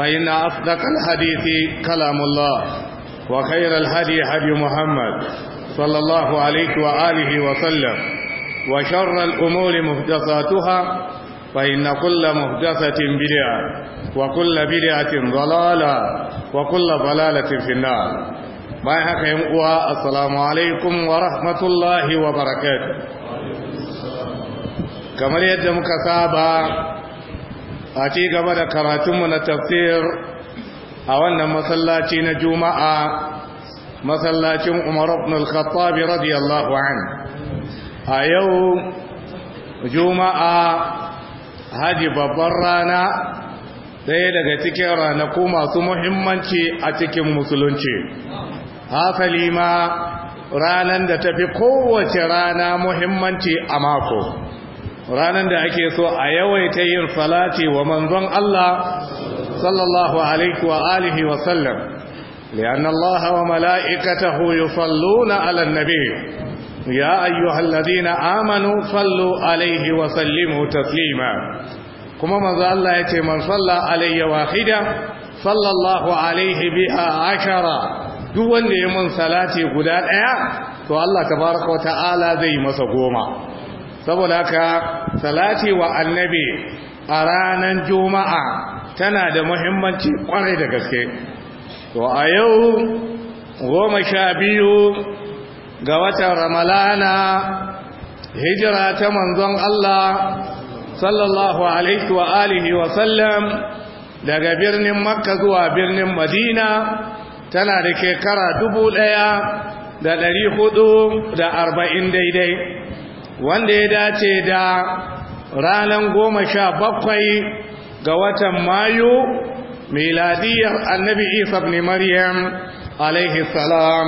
فإن أصدق الحديث كلام الله وخير الهدي هدي محمد صلى الله عليه وآله وسلم وشر الأمور محدثاتها فإن كل محدثة بدعة وكل بدعة ضلالة وكل ضلالة في النار ما يحكم السلام عليكم ورحمة الله وبركاته كما yadda muka a ci gaba da karatunmu na tafsir a wannan masallaci na juma'a masallacin umar ibn al-khattab radiyallahu an a yau juma'a haji babbar rana ɗaya daga cikin ranaku masu muhimmanci a cikin musulunci hasali ma ranar da tafi kowace rana muhimmanci a mako ranar da ake so a yawaita yin salati wa manzon Allah sallallahu alaihi wa alihi wa sallam lian Allah wa mala'ikatahu yusalluna ala nabi ya ayyuhalladhina amanu sallu alaihi wa sallimu taslima kuma manzon Allah yace man salla alayya wahida sallallahu alaihi biha ashara duk wanda ya mun salati guda ɗaya, to Allah tabaaraka wa ta'ala zai masa goma saboda ka salati wa annabi a ranar juma'a tana da muhimmanci kwarai da gaske to a yau goma sha biyu ga watan ramalana hijira ta manzon Allah sallallahu alaihi wa alihi wa sallam daga birnin makka zuwa birnin madina tana da shekara dubu ɗaya da ɗari hudu da arba'in daidai wanda ya dace da ranar goma sha bakwai ga watan mayu miladiyar annabi isa ibn maryam alaihi salam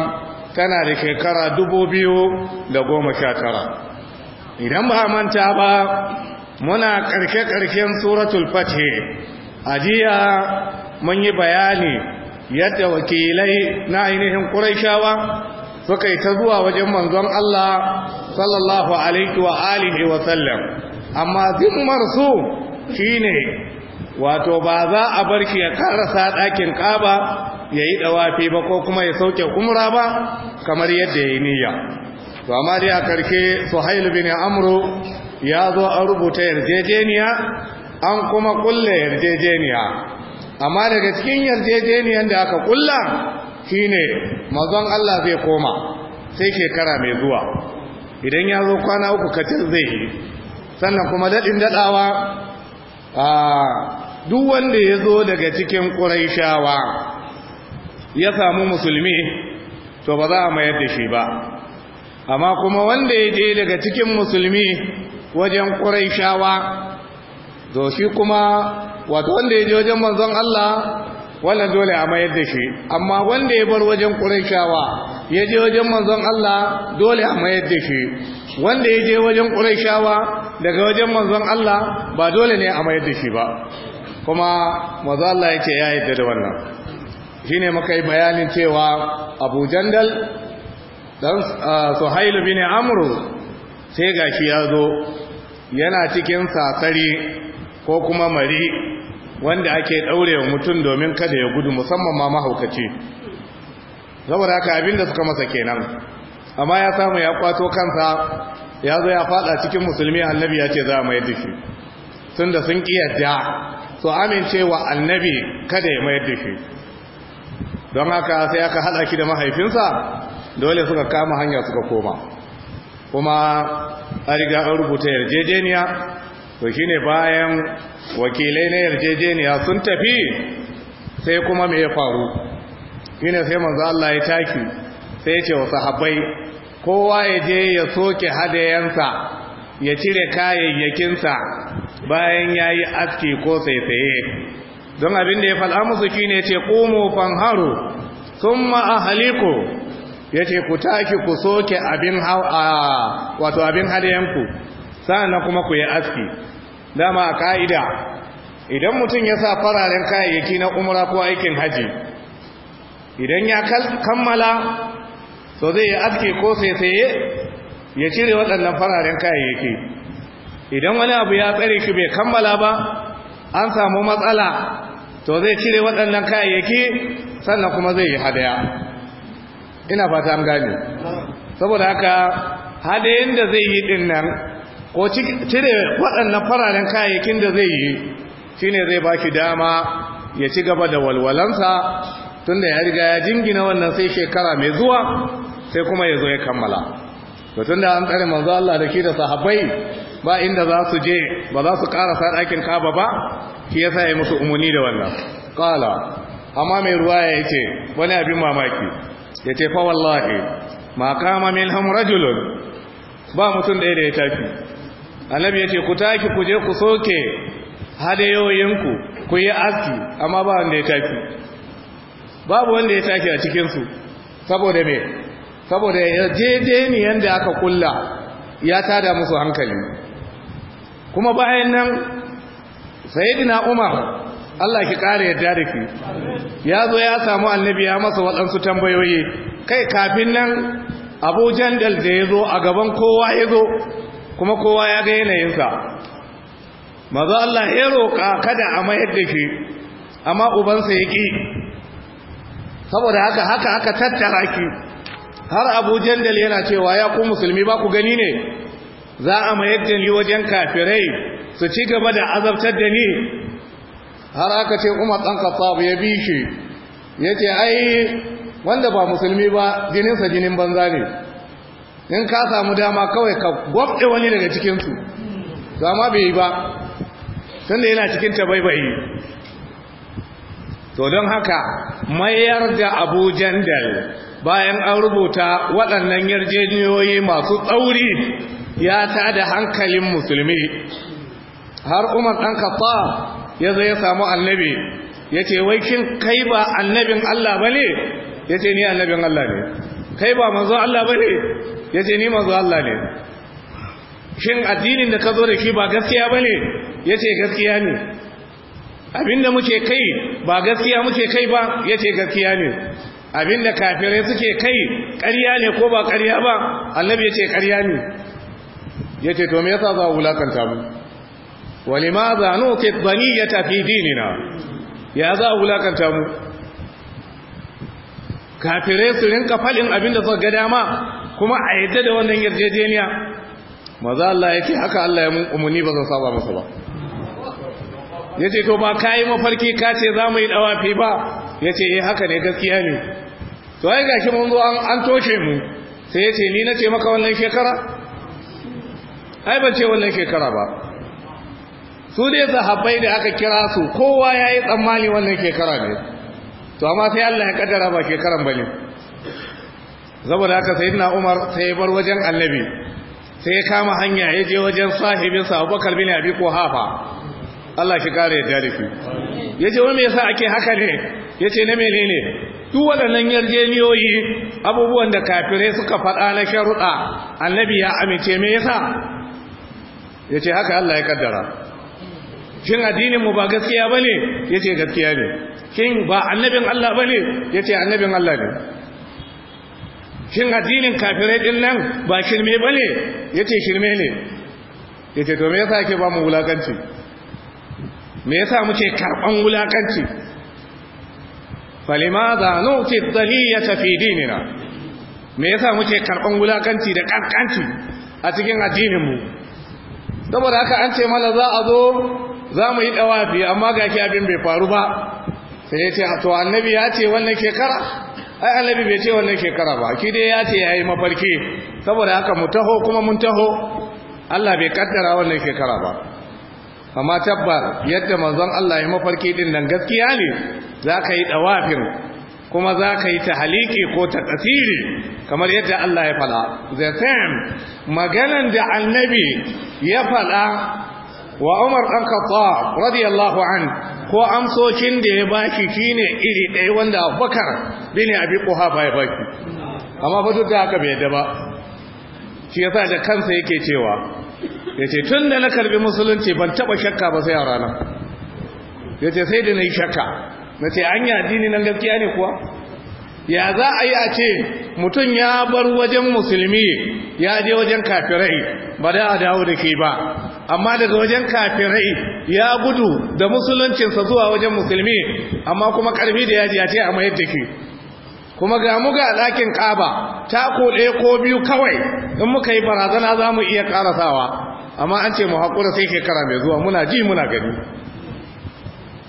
tana da shekara dubu biyu da goma sha tara idan ba manta ba muna karke-karken suratul fathe a jiya mun yi bayani yadda wakilai na ainihin ƙuraishawa suka yi ta zuwa wajen manzon Allah sallallahu alaihi wa alihi wa sallam amma zimmar su shine wato ba za a bar ya karasa ɗakin kaba yayi yi ɗawafi ba ko kuma ya sauke umra ba kamar yadda ya niyya to amma dai a karke suhail bin amru ya zo an rubuta yarjejeniya an kuma kulle yarjejeniya amma daga cikin Yarjejeniyan da aka kulla Shi ne, mazan Allah zai koma sai shekara mai zuwa idan ya zo kwana uku katil zai yi sannan kuma daɗin daɗawa a duk wanda ya zo daga cikin ƙuraishawa ya samu musulmi to ba za a mayar da shi ba amma kuma wanda ya je daga cikin musulmi wajen ƙuraishawa to shi kuma wato wanda ya je wajen manzon Allah wannan dole a mayar da shi amma wanda ya bar wajen ƙuraishawa ya je wajen manzon Allah dole a mayar da shi wanda ya je wajen shawa, daga wajen manzon Allah ba dole ne a mayar da shi ba kuma manzon Allah ya ce ya yadda da wannan shine ne muka yi bayanin cewa abu jandal dan ah, suhailu bin amru sai gashi ya zo yana cikin sasari ko kuma mari wanda ake wa mutum domin kada ya gudu musamman ma mahaukaci saboda haka abin da suka masa kenan amma ya samu ya kwato kansa ya zo ya fada cikin musulmi annabi ya ce za mai da shi tun da sun kiyarda so amincewa annabi kada ya mai da don haka sai aka hada shi da mahaifinsa dole suka kama hanya suka koma kuma a riga an rubuta yarjejeniya to shi ne bayan wakilai na yarjejeniya sun tafi sai kuma mai ya faru ne sai manzo Allah ya taki sai ya ce wa sahabbai kowa ya je ya soke hadayansa ya cire kayayyakinsa bayan ya yi aski ko saisaye don abin da ya fal'a musu shi ya ce qumu fanharu thumma ya ce ku taki ku soke abin wato abin hadayanku na kuma ku yi aski dama a ka'ida idan mutum ya sa fararen kayayyaki na umra ko aikin haji idan ya kammala so zai yi aski ko sai saye ya cire waɗannan fararen kayayyaki idan wani abu ya tsare ki bai kammala ba an samu matsala to zai cire waɗannan kayayyaki sannan kuma zai yi hadaya ina fata an gane saboda haka hadayin da zai yi din nan ko cire waɗannan fararen kayayyakin da zai yi shi ne zai baki dama ya ci gaba da walwalansa tunda ya riga ya jingina wannan sai shekara mai zuwa sai kuma ya zo ya kammala tun tunda an tsare manzo Allah da shi da sahabbai ba inda za su je ba za su karasa ɗakin kaba ba shi yasa ya musu umuni da wannan Kala. amma mai ruwa ya ce wani abin mamaki ya ce fa wallahi ma kama minhum hamurajulun ba mutum ɗaya da ya tafi annabi ya ce ku taki ku je ku soke hadayoyinku ku yi aski amma ba wanda ya taki babu wanda ya taki a cikinsu saboda me saboda ya yarjejeniyan da aka kulla ya tada musu hankali kuma bayan nan sayidina umar Allah ki kare yadda da ki ya zo ya samu annabi ya masa waɗansu tambayoyi kai kafin nan abu jandal da ya zo a gaban kowa ya zo kuma kowa ya ga yanayinsa maza Allah ya roƙa kada a mayar da shi amma ubansa ya ƙi saboda haka haka aka tattara ki har abu jandal yana cewa ya ku musulmi ba ku gani ne za a mayar da ni wajen kafirai su ci gaba da azabtar da ni har aka ce umar ɗan kasab ya bi shi yace ce ai wanda ba musulmi ba jininsa jinin banza ne in ka samu dama kawai ka gwabɗe wani daga cikinsu to amma bai yi ba tunda yana cikin tabaibayi to don haka mayar da abu jandal bayan an rubuta waɗannan yarjejeniyoyi masu tsauri ya ta da hankalin musulmi har umar ɗan kafa ya zai ya samu annabi ya ce waikin kai ba annabin allah ba ne ya ce ni annabin allah ne kai ba manzo Allah bane yace ni manzo Allah ne shin addinin da ka zo da shi ba gaskiya bane yace gaskiya ne abinda muke kai ba gaskiya muke kai ba yace gaskiya ne abinda kafirai suke kai ƙarya ne ko ba ƙarya ba annabi yace ƙarya ne yace to me yasa za ku lakanta mu ولماذا نوقف ضنية fi dinina ya za a lakanta mu kafirai su rinka faɗin abin da suka ga dama kuma a yadda da wannan yarjejeniya maza Allah ya ce haka Allah ya mun umarni ba zan saba masa ba ya ce to ba ka yi mafarki ka ce za mu yi dawafi ba ya ce eh haka ne gaskiya ne to ai gashi mun zo an toshe mu sai ya ce ni na ce maka wannan shekara ai ban ce wannan shekara ba su dai sahabbai da aka kira su kowa ya yi tsammani wannan shekara ne to amma sai Allah ya kaddara ba shekaran bane saboda haka sayyidina Umar sai ya bar wajen Annabi sai ya kama hanya ya je wajen sahibinsa Abubakar bin Abi Quhafa Allah shi kare ya dare shi yace wani me yasa ake haka ne yace na menene duk wadannan yarjeniyoyi abubuwan da kafirai suka faɗa na sharuɗa annabi ya amince me yasa yace haka Allah ya kaddara shin addinin mu ba gaskiya bane yace gaskiya ne shin ba annabin Allah bane yace annabin Allah ne shin addinin kafirai din nan ba shirme bane yace shirme ne yace to me yasa ke ba mu wulakanci me yasa muke karban wulakanci falimadha nu'ti dhaliyata fi dinina me yasa muke karban wulakanci da kankanci a cikin addinin mu saboda haka an ce mana za a zo za mu yi dawafi amma ga abin bai faru ba sai ya ce to annabi ya ce wannan kara ai annabi bai ce wannan shekara ba ki dai ya ce yayi mafarki saboda haka mu taho kuma mun taho Allah bai kaddara wannan shekara ba amma tabbar yadda manzon Allah ya mafarki din nan gaskiya ne zaka yi dawafin kuma zaka yi tahaliki ko takasiri kamar yadda Allah ya fada the same maganan da annabi ya fada wa Umar ɗan Khattab radiyallahu an ko amsocin da ya baki shine iri ɗaya wanda Abubakar bin Abi Quhafa ya baki amma fa duk da haka bai da ba shi yasa da kansa yake cewa yace da na karbi musulunci ban taba shakka ba sai a rana yace sai da nayi shakka nace anya addini nan gaskiya ne kuwa ya za a yi a ce mutum ya bar wajen musulmi ya je wajen kafirai ba da a dawo da ke ba amma daga wajen kafirai ya gudu da musuluncinsa zuwa wajen musulmi amma kuma karfi da yaji ya ce a mayar da ke kuma ga muga a ɗakin ƙaba ko ɗaya ko biyu kawai in muka yi barazana za mu iya ƙarasawa amma an ce mu haƙura sai shekara mai zuwa muna ji muna gani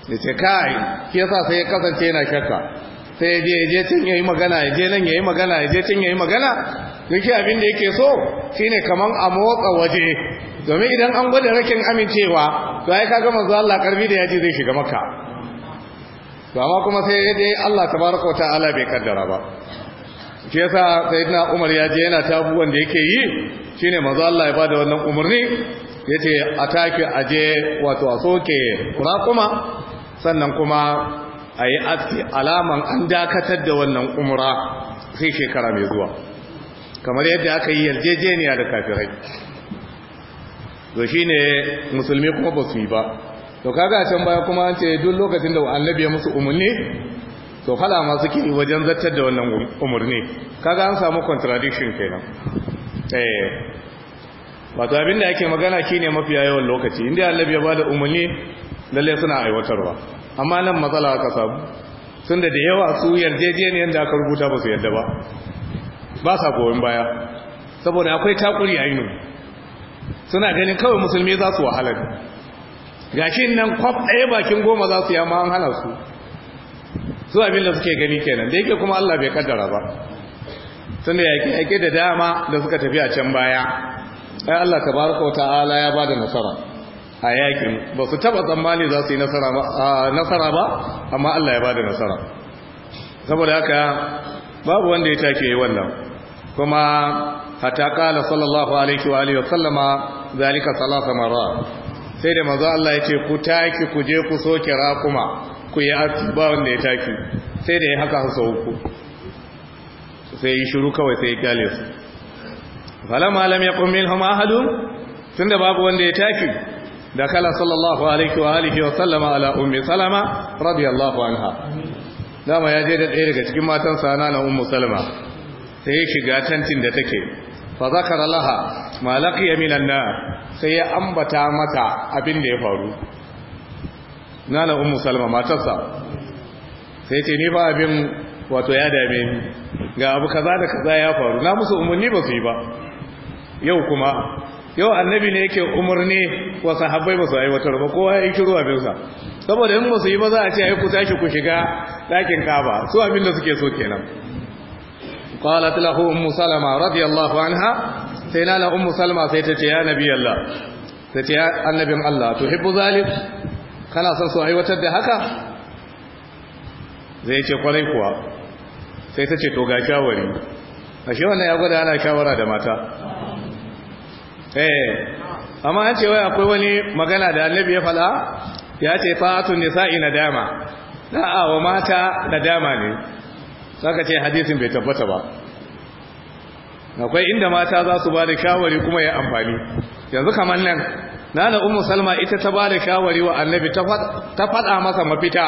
da ce kai ke yasa sai ya kasance yana shakka sai ya je ya je can ya yi magana ya je nan ya yi magana ya je ya yi magana duk abin da yake so shine kamar a motsa waje domin idan an gwada rakin amincewa to ai kaga manzo Allah karbi da yaji zai shiga maka to amma kuma sai ya je Allah tabaraka ta'ala bai kaddara ba shi yasa sayyidina Umar ya je yana tabuwan da yake yi shine manzo Allah ya bada wannan umarni yace ataki aje wato a soke kuma sannan kuma a yi aski alaman an dakatar da wannan umura sai shekara mai zuwa kamar yadda aka yi yarjejeniya da kafirai to shi ne musulmi kuma ba su yi ba to kaga can baya kuma an ce duk lokacin da annabi ya musu umarni to fala ma suke wajen zartar da wannan umarni kaga an samu contradiction kenan eh wato abin da ake magana shine mafiya yawan lokaci inda annabi ya bada umarni lalle suna aiwatarwa amma nan matsala aka samu sun da da yawa su yarjejeniyar da aka rubuta ba su yadda ba ba sa goyon baya saboda akwai takuri ainu suna ganin kawai musulmi za su wahala ne gashin nan kwaf ɗaya bakin goma za su yi amma an hana su su abin da suke gani kenan da yake kuma Allah bai kaddara ba sun da yake da dama da suka tafi a can baya ai Allah tabaraka wa ta'ala ya bada nasara a yakin ba su taba tsammani za su yi nasara ba amma Allah ya ba da nasara saboda haka babu wanda ya take yi wannan kuma hata kala sallallahu alaihi wa alihi sallama zalika salasa mara sai da manzo Allah ya ce ku taki ku je ku soke raquma ku yi ba wanda ya taki sai da ya haka su uku sai yi shiru kawai sai ya kyale su falamma lam yaqum minhum ahadun tunda babu wanda ya taki dakala sallallahu alaihi wa alihi wa sallama ala ummi salama radiyallahu anha dama ya je da ɗaya daga cikin matan sana na ummu salama sai ya shiga tantin da take fa zakara laha ma laqiya minan nar sai ya ambata mata abin da ya faru nana ummu salama matarsa sai ce ni ba abin wato ya dame ni ga abu kaza da kaza ya faru na musu umarni ba su yi ba yau kuma yau annabi ne yake umarni wa sahabbai ba su aiwatar ba kowa ya kiro abinsa saboda in ba su yi ba za a ce ai ku tashi ku shiga ɗakin kaba su abin da suke so kenan qalat lahu ummu salama radiyallahu anha sai na ummu salama sai ta ce ya nabi allah ta ce ya annabin allah hibbu zalik kana son su aiwatar da haka zai ce kwarai kuwa sai ta ce to ga shawari ashe wannan ya gwada ana shawara da mata Eh, amma an ce wai akwai wani magana da annabi ya fada ya ce fa'atun nisa'i nadama da'a wa mata nadama ne saka ce hadisin bai tabbata ba akwai inda mata za su ba da shawari kuma ya amfani yanzu kamar nan nana ummu salma ita ta ba da shawari wa annabi ta faɗa masa mafita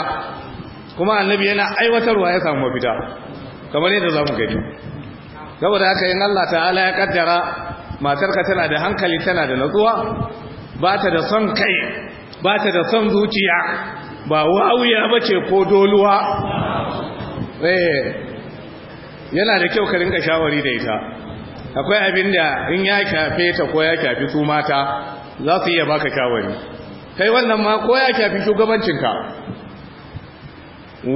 kuma annabi yana aiwatarwa ya samu mafita kamar yadda za mu gani saboda haka in Allah ta'ala ya kaddara matarka tana da hankali tana da natsuwa ba ta da son kai ba ta da son zuciya ba wawuya ba ce ko doluwa eh, yana da kyau ka rinka shawari da ita akwai abin da in ya shafe ta ko ya shafi su mata za su iya baka shawari kai wannan ma ko ya shafi shugabancinka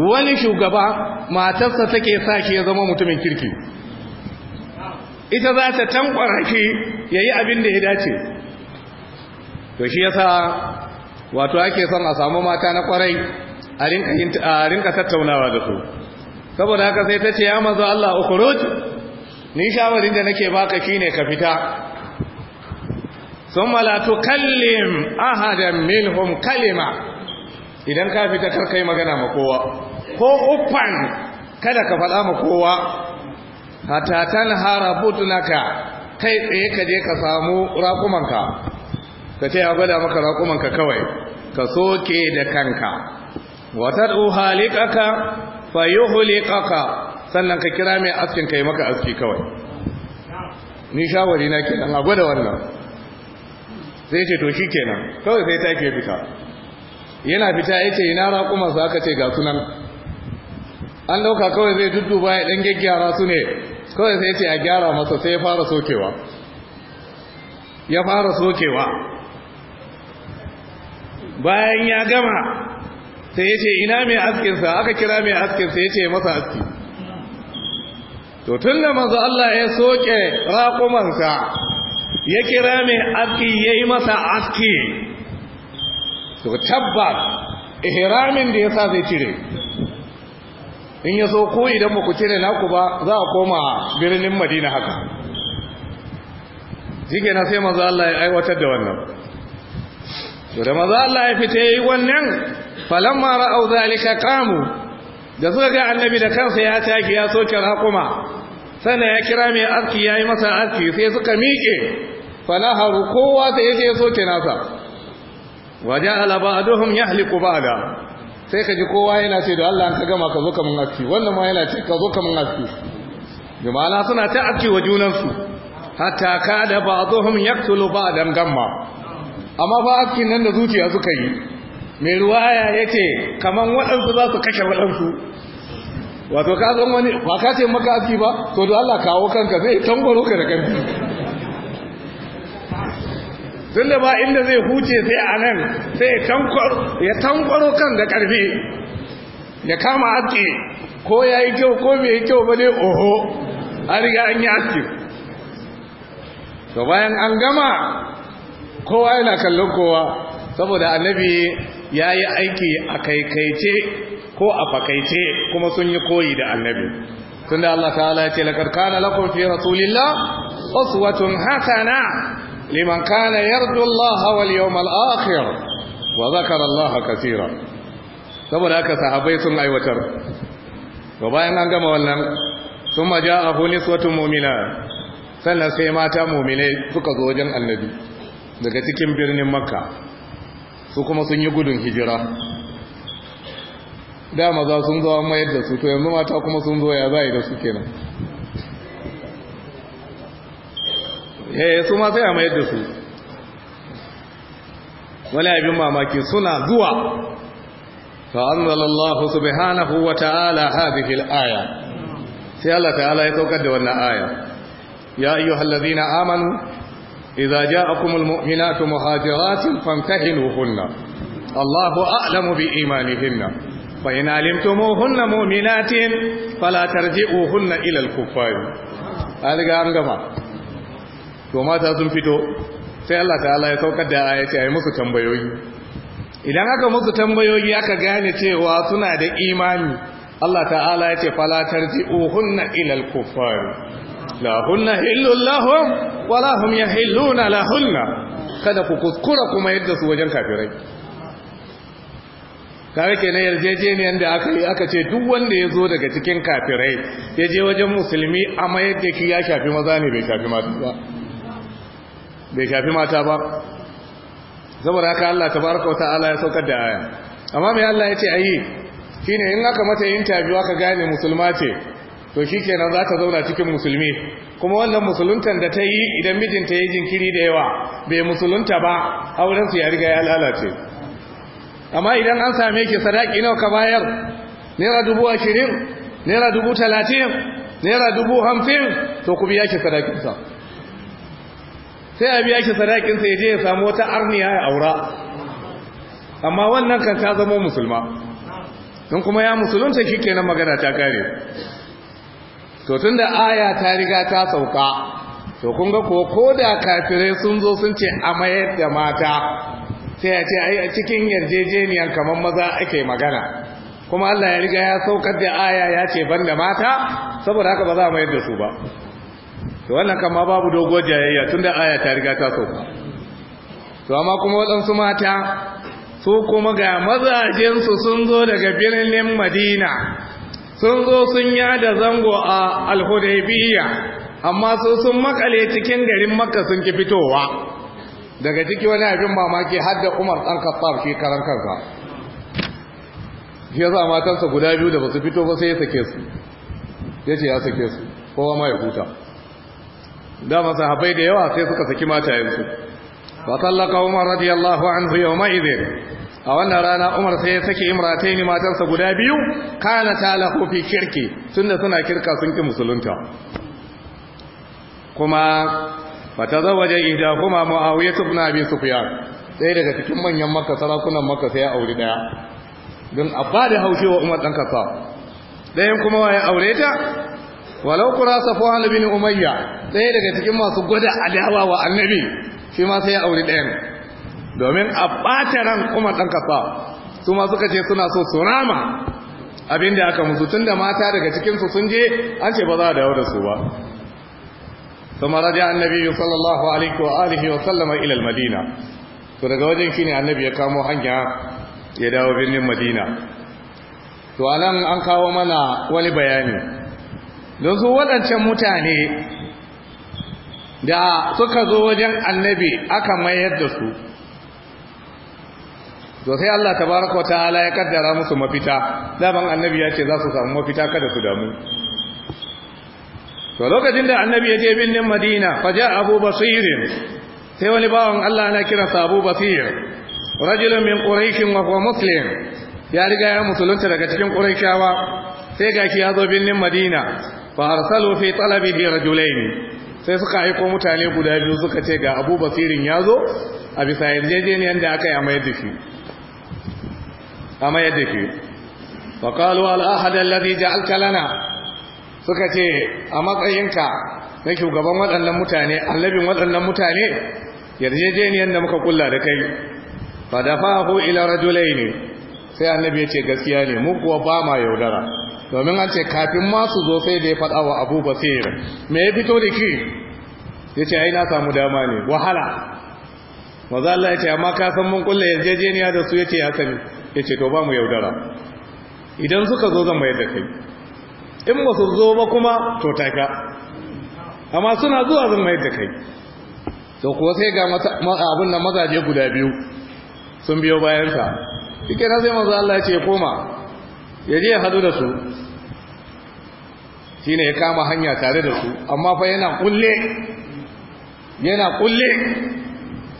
wani shugaba matarsa take sa shi ya zama mutumin kirki ita za ta tankwarake ya yi abin da ya dace to shi ya sa wato ake son a samu mata na kwarai a rinka tattaunawa da su saboda haka sai ta ce ya mazu Allah ukhruj ni shawarin da nake baka ne ka fita sun malatu tukallim ahadan minhum kalima idan ka fita kar kai magana ma kowa ko uffan kada ka faɗa ma kowa hatta tanhara naka kai tsaye ka je ka samu raƙumanka ka ce a gwada maka raƙumanka kawai ka soke da kanka wata uhalikaka fa yuhlikaka sannan ka kira mai askin kai maka aski kawai ni shawari na ke a gwada wannan sai ce to shikenan kawai sai take fita yana fita yace ina raƙumansa aka ce ga sunan an dauka kawai zai dudduba ya dan gaggyara su ne kawai sai ce a gyara masa sai ya fara sokewa ya fara sokewa bayan ya gama sai ya ce ina mai askinsa aka kira mai askinsa ya ce masa aski to tun da manzo Allah ya soke raƙumansa ya kira mai aski ya yi masa aski to tabbas ihramin da ya sa zai cire in ya so ko idan ba ku cire naku ba za a koma birnin madina haka jike na sai maza Allah ya aiwatar da wannan to da maza Allah ya fita yi wannan falamma ra'au zalika qamu da suka ga annabi da kansa ya taki ya soke rakuma sannan ya kira mai aski ya yi masa aski sai suka miƙe falaharu kowa sai ya soke nasa waje alaba aduhum ya haliku ba sai ka ji kowa yana ce da Allah ka gama ka zo kamun aski wannan ma yana ce ka zo kamun aski jama'a suna ta aski wa junansu hatta ka da ba'dhum yaktulu ba'dan gamma amma ba aski nan da zuciya suka yi mai ruwaya yace kaman waɗansu za su kashe waɗansu wato ka zan wani ba ka ce maka aski ba to da Allah kawo kanka zai tangwaro ka da kanka tun da ba inda zai huce sai a nan sai ya tankwaro kan da karfi ya kama haske ko ya yi kyau ko bai yi kyau ba ne? oho an riga an yi haske to bayan an gama kowa yana kallon kowa saboda annabi ya yi aiki a kaikaice ko a fakaice kuma sun yi koyi da annabi tunda Allah ta'ala ya ce laqad lakon fiye rasulillah uswatun hasana liman kana yardu Allah wal yawmal akhir wa zakara Allah kasira. saboda haka sahabbai sun aiwatar Ba bayan an gama wannan a ja'ahu niswatun mu'mina sannan sai mata mu'mine suka zo wajen annabi daga cikin birnin makka su kuma sun yi gudun hijira da maza sun zo an mayar da su to yanzu mata kuma sun zo ya zai da su kenan eh su ma sai a mayar da su wani abin mamaki suna zuwa fa anzalallahu subhanahu wa ta'ala hadhihi aya sai Allah ta'ala ya saukar da wannan aya ya na amanu idza ja'akumul mu'minatu fankahin famtahinuhunna Allahu a'lamu bi imanihinna فإن علمتموهن مؤمنات فلا ترجعوهن إلى الكفار هذا an gama. to mata sun fito sai Allah ta'ala ya saukar da aya ce ayi musu tambayoyi idan aka musu tambayoyi aka gane cewa suna da imani Allah ta'ala ya ce fala tarji'uhunna ila al-kuffar la hunna hillu lahum wa la hum yahilluna lahunna kada ku kuskura kuma yadda su wajen kafirai kare ke na yarjejeniyar da aka yi aka ce duk wanda ya zo daga cikin kafirai ya je wajen musulmi a mayar da ki ya shafi maza ne bai shafi mata ba bai shafi mata ba saboda haka Allah tabaraka wa ya saukar da aya amma mai Allah ya ce ayi shine in aka mata interview aka gane musulma ce to shikenan za ta zauna cikin musulmi kuma wannan musuluntan da ta yi idan mijinta ya yi jinkiri da yawa bai musulunta ba auren su ya riga ya lalace amma idan an same ki sadaki nawa ka bayar naira dubu ashirin naira dubu talatin naira dubu hamsin to ku biya ki sadakinsa sai a biya shi sadakin ya je ya samu wata arniya ya aura amma wannan kan ta zama musulma don kuma ya musulunta nan magana ta kare to tunda aya ta riga ta sauka to kun ga ko da kafire sun zo sun ce mayar da mata sai a ce ai a cikin yarjejeniyar kamar maza ake magana kuma Allah ya riga ya saukar da aya ya ce banda mata saboda haka ba za a mayar da su ba to wannan kama babu dogo jayayya tun da aya ta riga ta sauka to amma kuma waɗansu mata su kuma ga mazajensu sun zo daga birnin madina sun zo sun yada zango a alhudaibiyya amma su sun makale cikin garin makka sun ki fitowa daga ciki wani abin mamaki har da umar ɗan kasar shi karan kansa shi yasa matansa guda biyu da ba su fito ba sai ya sake su ya ya sake su kowa ma ya huta dama sahabbai da yawa sai suka saki matayensu fa sallaka umar radiyallahu anhu yawma idin a wannan rana umar sai ya saki imrataini matansa guda biyu kana ta lahu fi kirki tunda suna kirka sun ki musulunta kuma fatazawwaja ihdahuma muawiyah ibn abi sufyan sai daga cikin manyan makka sarakunan makka sai ya auri daya don abba da haushe wa umar dan kasa dayan kuma waye aure ta walau kura safuwan bin umayya ɗaya daga cikin masu gwada adawa wa annabi shi ma sai ya auri ɗayan domin a ɓata ran umar ɗan kasa su ma suka ce suna so su rama abin da aka musu tun da mata daga cikinsu sun je an ce ba za a dawo da su ba raja annabi النبي sallallahu الله alihi wa sallama ilal Madina. to daga wajen shine annabi ya kamo hanya ya dawo birnin Madina to anan an kawo mana wani bayani don su waɗancan mutane da suka zo wajen annabi aka mayar da su to sai Allah tabaraka wa ta'ala ya kaddara musu mafita daban annabi ya ce za su samu mafita kada su damu to lokacin da annabi ya je birnin madina faja abu basir sai wani bawan Allah ana kira sabu basir rajulun min quraish wa huwa muslim ya riga ya musulunta daga cikin quraishawa sai gashi ya zo birnin madina fa arsalu fi talabihi rajulaini sai suka aiko mutane guda biyu suka ce ga Abu Basirin yazo a bisa yarjejeniyar da aka yi a mayar da shi a mayar da shi fa qalu al ahad alladhi ja'alta lana suka ce a matsayinka na shugaban waɗannan mutane annabin waɗannan mutane yarjejeniyar da muka kulla da kai fa dafahu ila rajulaini sai annabi ya ce gaskiya ne mu kuwa ba ma yaudara domin an ce kafin masu zo sai da ya faɗa wa abu basir me ya fito da ki ya ce ai na samu dama ne wahala maza Allah ya ce amma ka san mun kulle yarjejeniya da su ya ce ya sani ya ce to ba mu yaudara idan suka zo zan mayar da kai in ba su zo ba kuma to taka amma suna zuwa zan mayar da kai to kuwa sai ga abin da mazaje guda biyu sun biyo bayansa shi na sai maza Allah ya ce koma ya je ya hadu da su shine ya kama hanya tare da su amma fa yana kulle yana kulle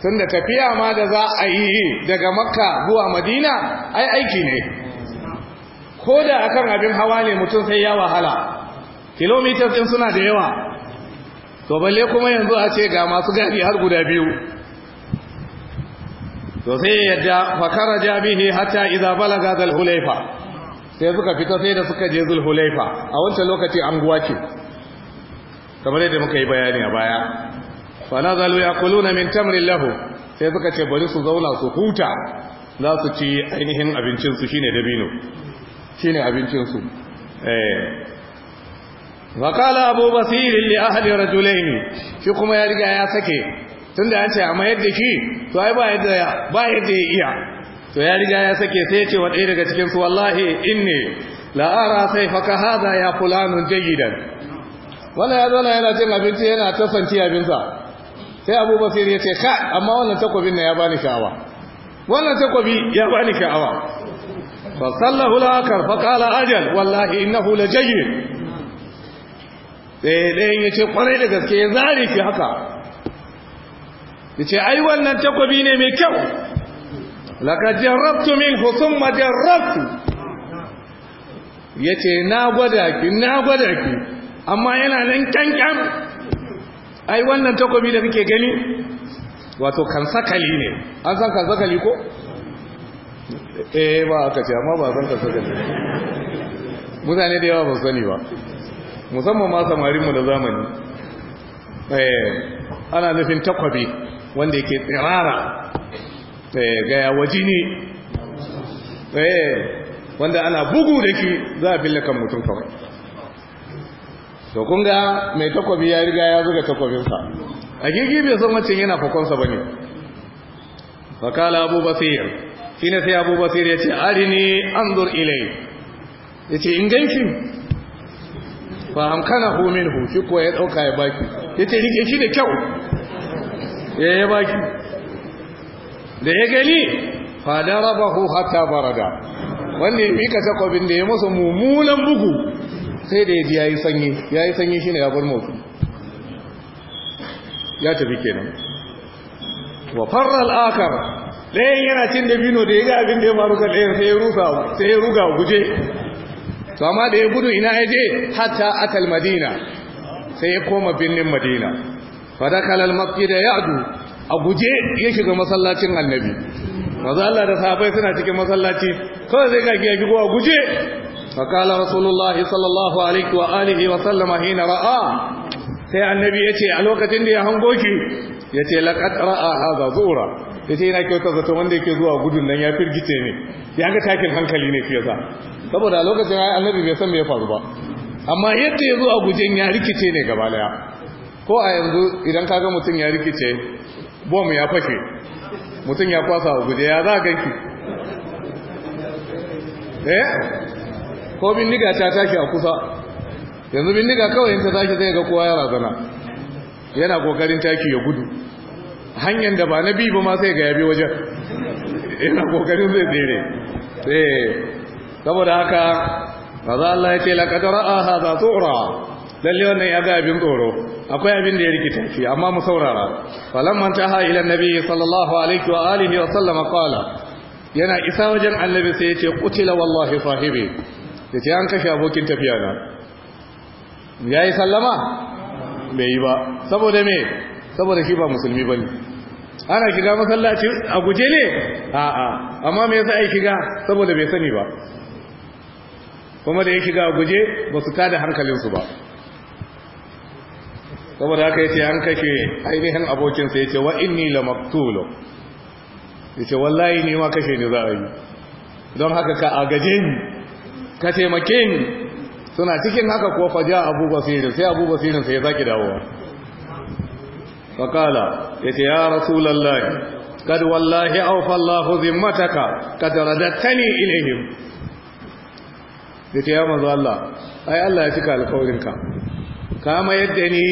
tunda tafiya ma da za a yi daga makka zuwa madina ai aiki ne ko da akan abin hawa ne mutum sai ya wahala kilomitas din suna da yawa to balle kuma yanzu a ce ga masu gari har guda biyu to sai yadda fakara jabihi hatta idza balaga zal hulaifa sai suka fita sai da suka je zulhulaifa a wancan lokaci guwa ce kamar yadda muka yi bayani a baya fa ya na min tamrin lahu sai suka ce bari su zauna su huta za su ci ainihin abincinsu shi ne dabino shi ne abincinsu eh. wa qala abu basir li ahli ne. shi kuma ya riga ya sake tunda an ce amma yadda shi to ai ba yadda ya iya to ya riga ya sake sai ya ce wa ɗaya daga cikin su wallahi inni la'ara sai faka hada ya fulanun jayidan wala ya zola yana cin abinci yana tasanci abinsa sai abu basir ya ce ka amma wannan takwabin na ya bani sha'awa wannan takwabi ya bani sha'awa fa sallahu al-akar fa qala ajal wallahi innahu la jayyid sai dai ya ce kwarai da gaske ya zare shi haka ya ce ai wannan takwabi ne mai kyau laka jarrabtu minku thumma jarrabtu yace na gwada ki na gwada ki amma yana nan kankan ai wannan takobi da muke gani wato kansakali ne an san kansakali ko eh ba aka ce amma ba san kansakali mutane da yawa ba sani ba musamman ma samarinmu da zamani ana nufin takobi wanda yake tsirara Eh, gaya waji ne eh, wanda ana bugu da shi za a fille kan mutum kawai to kun mai takwabi ya riga ya zuga takwabinsa a gigi bai san wacce yana fakonsa ba ne fakala abu basir shi ne sai abu basir ya ce arini an zur ilai ya ce in ba amkana min hu shi kuwa ya ɗauka ya baki ya ce rike shi da kyau ya ya baki da ya gani raba, fadarabahu hatta barada wanda ya mika takobin da ya masa mummunan bugu sai da ya ji yayi sanyi yayi sanyi ne ya bar motsi ya tafi kenan wa farra al Daya yana cin dabino da ya ga abin da ya faru ga ɗayan sai ya ruga sai ya guje to amma da ya gudu ina ya je hatta akal madina sai ya koma birnin madina fadakala mafi da ya'du a guje ya shiga masallacin annabi maza Allah da sahabai suna cikin masallaci kawai zai ga ya gigo a guje fakala rasulullah sallallahu alaihi wa alihi wa sallama hina ra'a sai annabi yace a lokacin da ya hango ki ce laqad ra'a hadha zura ce yana kyauta zato wanda yake zuwa gudun nan ya firgice ne ya ga takin hankali ne fiye za saboda a lokacin annabi bai san me ya faru ba amma yadda ya zo a gujen ya rikice ne gaba daya ko a yanzu idan kaga mutum ya rikice bom ya fashe mutum ya kwasa a guje ya za ganki eh ko bindiga ta tashi a kusa yanzu bindiga kawai ta tashi zai ga kowa ya razana yana kokarin taki ya gudu hanyar da ba na bi ba ma sai ga yabi wajen yana kokarin zai tsere eh. saboda haka za Allah ya ce laqad a haza tsora lalle wannan ya ga abin tsoro akwai abin da ya rikita shi amma mu saurara falamman taha ila nabi sallallahu alaihi wa alihi wa sallam qala yana isa wajen annabi sai yace qutila wallahi sahibi yace an kashe abokin tafiya na yayi sallama bai yi ba saboda me saboda shi ba musulmi bane ana kiga masallaci a guje ne a'a amma me yasa ai kiga? saboda bai sani ba kuma da ya shiga a guje ba su da hankalinsu ba saboda haka yace an kashe ainihin abokin sa yace wa inni la maqtulu yace wallahi ni ma kashe ni za a yi don haka ka agaje ni ka taimake ni suna cikin haka ko faja Abu Basir sai Abu Basir sai ya zaki dawowa faqala yace ya rasulullahi kad wallahi awfa Allah zimmataka kad radattani ilaihim yace ya manzo Allah ai Allah ya cika alƙawarin ka kama yadda ni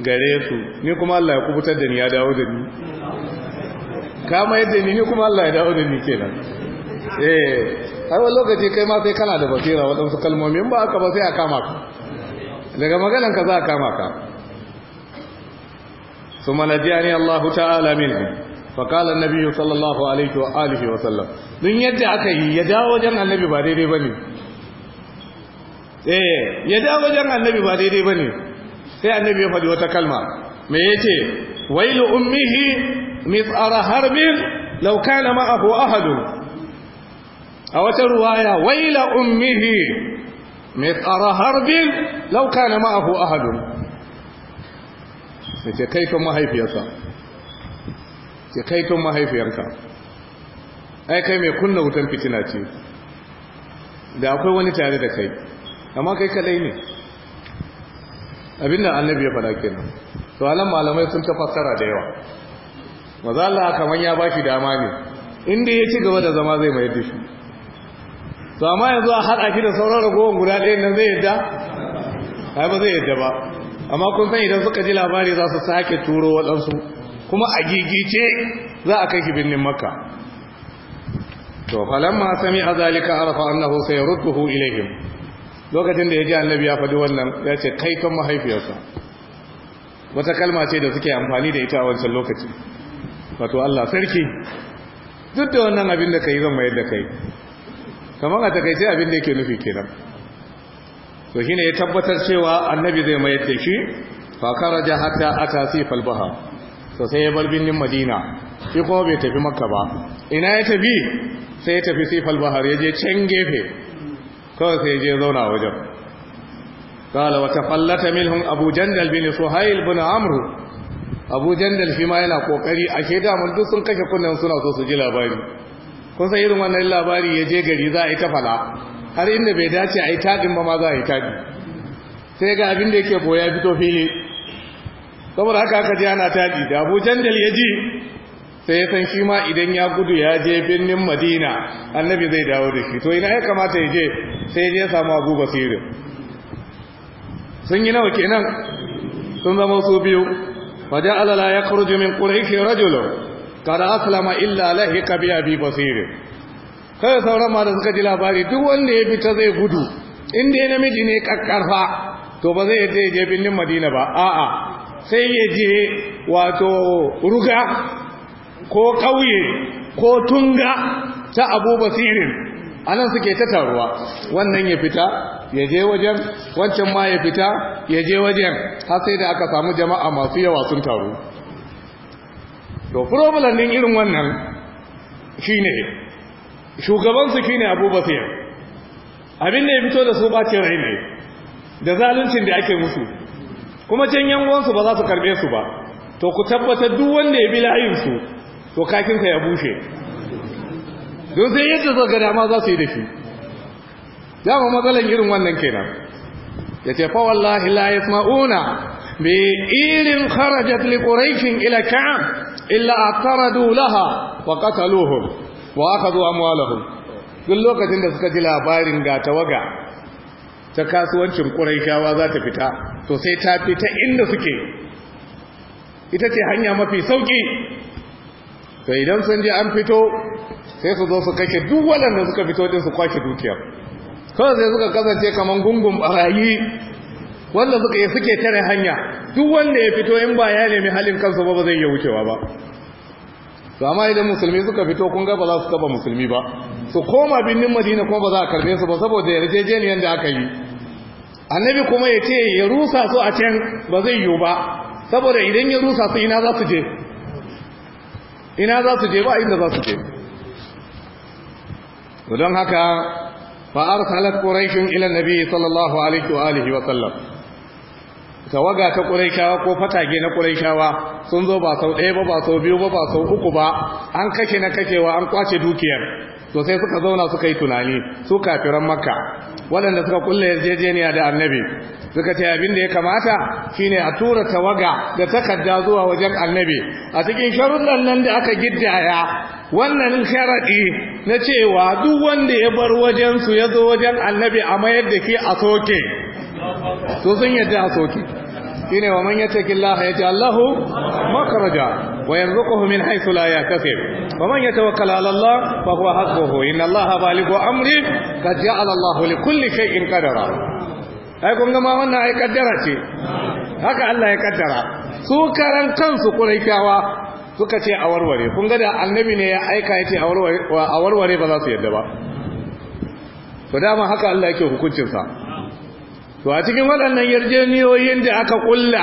gare su ni kuma Allah ya kubutar da ni ya dawo da ni kama yadda ni ni kuma Allah ya dawo da ni kenan eh har wani lokaci kai ma sai kana da basira waɗansu kalmomi ba aka ba sai a kama ka daga maganan ka za a kama ka ثم نجاني الله تعالى منهم فقال sallallahu alaihi wa alihi wa sallam. dun yadda aka yi ya dawo wajen annabi ba daidai bane eh ya dawo jan annabi ba daidai bane sai annabi ya faɗi wata kalma me yace wailu ummihi mithara harbin law kana ma'ahu ahad a wata ruwaya waila ummihi mithara harbin law kana ma'ahu ahad sai ce kaifin mahaifiyarsa ce kaifin mahaifiyarka ai kai mai kunna wutan fitina ce da akwai wani tare da kai amma kai kadai ne abinda annabi ya faɗa kenan to alam malamai sun ta da yawa maza Allah kamar ya bashi dama ne inda ya ci gaba da zama zai mai dishi to amma yanzu a haɗa aki da sauran ragowar guda ɗaya nan zai yadda ai ba zai yadda ba amma kun san idan suka ji labari za su sake turo waɗansu kuma a gigice za a kai ki binnin makka to falamma sami azalika arfa annahu sayarduhu ilaihim lokacin da ya ji annabi ya faɗi wannan ya ce kai kan mahaifiyarsa wata kalma ce da suke amfani da ita a wancan lokaci wato Allah sarki duk da wannan abin da kai zan mayar da kai kamar a takaice abin da yake nufi kenan to ne ya tabbatar cewa annabi zai mayar da shi fa karaja hatta ata sifal baha to sai ya bar binnin madina shi kuma bai tafi makka ba ina ya tafi sai ya tafi sifal bahar ya je can gefe kawai sai je zauna wajen قال وتفلت منهم أبو جندل بن سهيل بن عمرو أبو جندل ma yana kokari a da duk sun kashe kunnen suna so su ji labari kun sai irin wannan labari ya je gari za a yi tafala har inda bai dace a yi taɗin ba ma za a yi taɗi. sai ga abin da yake boya fito fili saboda haka aka ji ana tadi da Abu ya ji sai ya san shi ma idan ya gudu ya je birnin madina annabi zai dawo da shi to ina ya kamata ya je sai ya samu abu basirin sun yi nawa kenan sun zama su biyu Wajen alala ya kurji min ƙuriki rajulo kada aslama illa lahi biya bi basirin kai sauran ma da suka ji labari duk wanda ya fita zai gudu inda dai namiji ne kakkarfa to ba zai yadda ya je birnin madina ba a'a sai ya je wato ruga ko ƙauye ko tunga ta abubasirin anan a nan suke ta taruwa wannan ya fita ya je wajen wancan ma ya fita ya je wajen har sai da aka samu jama'a masu yawa sun taru to problem din irin wannan shine shugabansu shine Abu abin da ya fito da su bace rai ne da zaluncin da ake musu kuma can yan ba za su karbe su ba to ku tabbatar duk wanda ya bi layinsu. to kakinka ya bushe don sai yadda ga dama za su yi da shi dama matsalan irin wannan kenan ya ce fa wallahi la yasma'una bi irin kharajat li quraish ila ka'ab illa ataradu laha wa qataluhum wa akhadhu amwalahum duk lokacin da suka ji labarin ga tawaga ta kasuwancin quraishawa za ta fita to sai ta fita inda suke ita ce hanya mafi sauki to idan sun je an fito sai su zo su kake duk waɗanda suka fito din su kwace dukiyar kawai sai suka kasance kamar gungun barayi wanda suka yi suke tare hanya duk wanda ya fito in ba ya nemi halin kansa ba ba zai iya wucewa ba su amma idan musulmi suka fito kun ga ba za su taba musulmi ba su koma birnin madina kuma ba za a karbe su ba saboda yarjejeniyar da aka yi annabi kuma ya ce ya rusa su a can ba zai yiwu ba saboda idan ya rusa su ina za su je ina za su je ba inda za su je don haka fa’ar salat quraishun ilan nabi sallallahu alaihi wa alihi wa sallam tawaga ta ƙuraishawa ko fatage na ƙuraishawa, sun zo ba sau ɗaya ba ba sau biyu ba ba sau uku ba an kashe na kashewa an kwace dukiyar to sai suka zauna suka yi tunani su kafiran makka waɗanda suka kulle yarjejeniya da annabi suka ce abin da ya kamata shine a tura tawaga da takarda zuwa wajen annabi a cikin sharuɗan nan da aka giddaya wannan sharaɗi na cewa duk wanda ya bar wajensu ya zo wajen annabi a mayar da ke a soke to sun yadda a soke shine wa man yattaki Allah yaj'al Allahu! makhraja wa yarzuquhu min haythu la yahtasib wa man yatawakkal 'ala Allah fa huwa hasbuhu inna Allah ko amri qad ja'ala Allah li kulli shay'in qadara ai kun ga ma wannan ai kaddara ce haka Allah ya kaddara su karan kansu kuraitawa suka ce a warware kun ga da annabi ne ya aika ya ce a warware ba za su yadda ba to dama haka Allah yake hukuncinsa to a cikin waɗannan yarjeniyoyin da aka kulla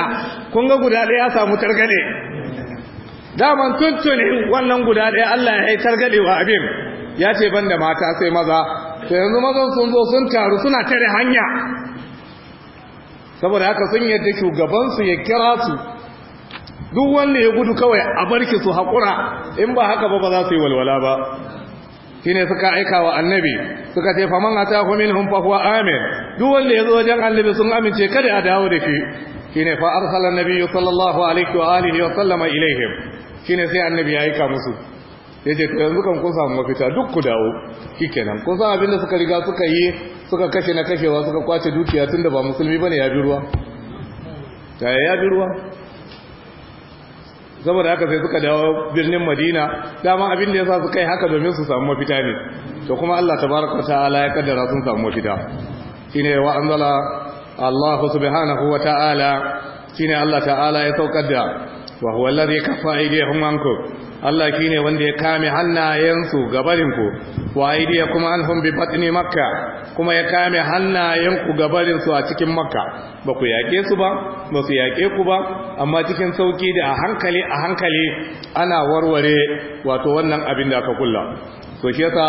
kun ga guda ɗaya samu targaɗe daman tuntuni wannan guda ɗaya Allah ya yi targaɗe wa abin ya ce ban da mata sai maza to yanzu mazan sun zo sun taru suna tare hanya saboda haka sun yadda shugabansu ya kira su duk wanda ya gudu kawai a barki su haƙura in ba haka ba ba za su yi walwala ba shine suka aika wa annabi suka ce faman atahu minhum fa huwa amin duk wanda yazo wajen annabi sun amince kada a dawo da shi shine fa arsala annabi sallallahu alaihi wa alihi wa sallama ilaihim shine sai annabi ya aika musu yace to yanzu kan kun samu mafita duk ku dawo shikenan kun san abinda suka riga suka yi suka kashe na kashewa suka kwace dukiya tunda ba musulmi bane ya bi ruwa ta ya bi ruwa saboda haka sai suka dawo birnin madina dama abin da ya sa su kai haka domin su samu mafita ne to kuma allah tabaraka ta'ala ya kaddara sun samu mafita shine wa anzala allah subhanahu wa ta'ala shine allah ta'ala ya saukar da wa huwa allazi kaffa aydiyahum ankum Allah kine wanda ya kame hannayensu gabarin ku wa kuma anhum bi batni makka kuma ya kame hannayenku ku gabarin su a cikin makka ba ku yake su ba ba su yake ku ba amma cikin sauki da a hankali a hankali ana warware wato wannan abin da aka kulla to shi yasa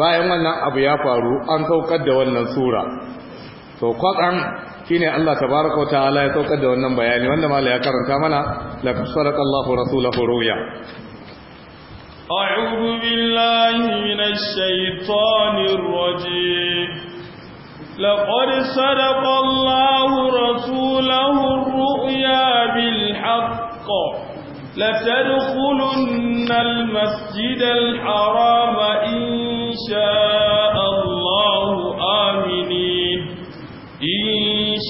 bayan wannan abu ya faru an saukar da wannan sura to kwakan. shine Allah tabaaraka ta'ala ya saukar da wannan bayani wanda mala ya karanta mana laqad sadaqa Allahu rasulahu ruya a'udhu billahi minash shaitanir rajim laqad sadaqa Allahu rasulahu ruya bil haqq لتدخلن المسجد الحرام إن شاء الله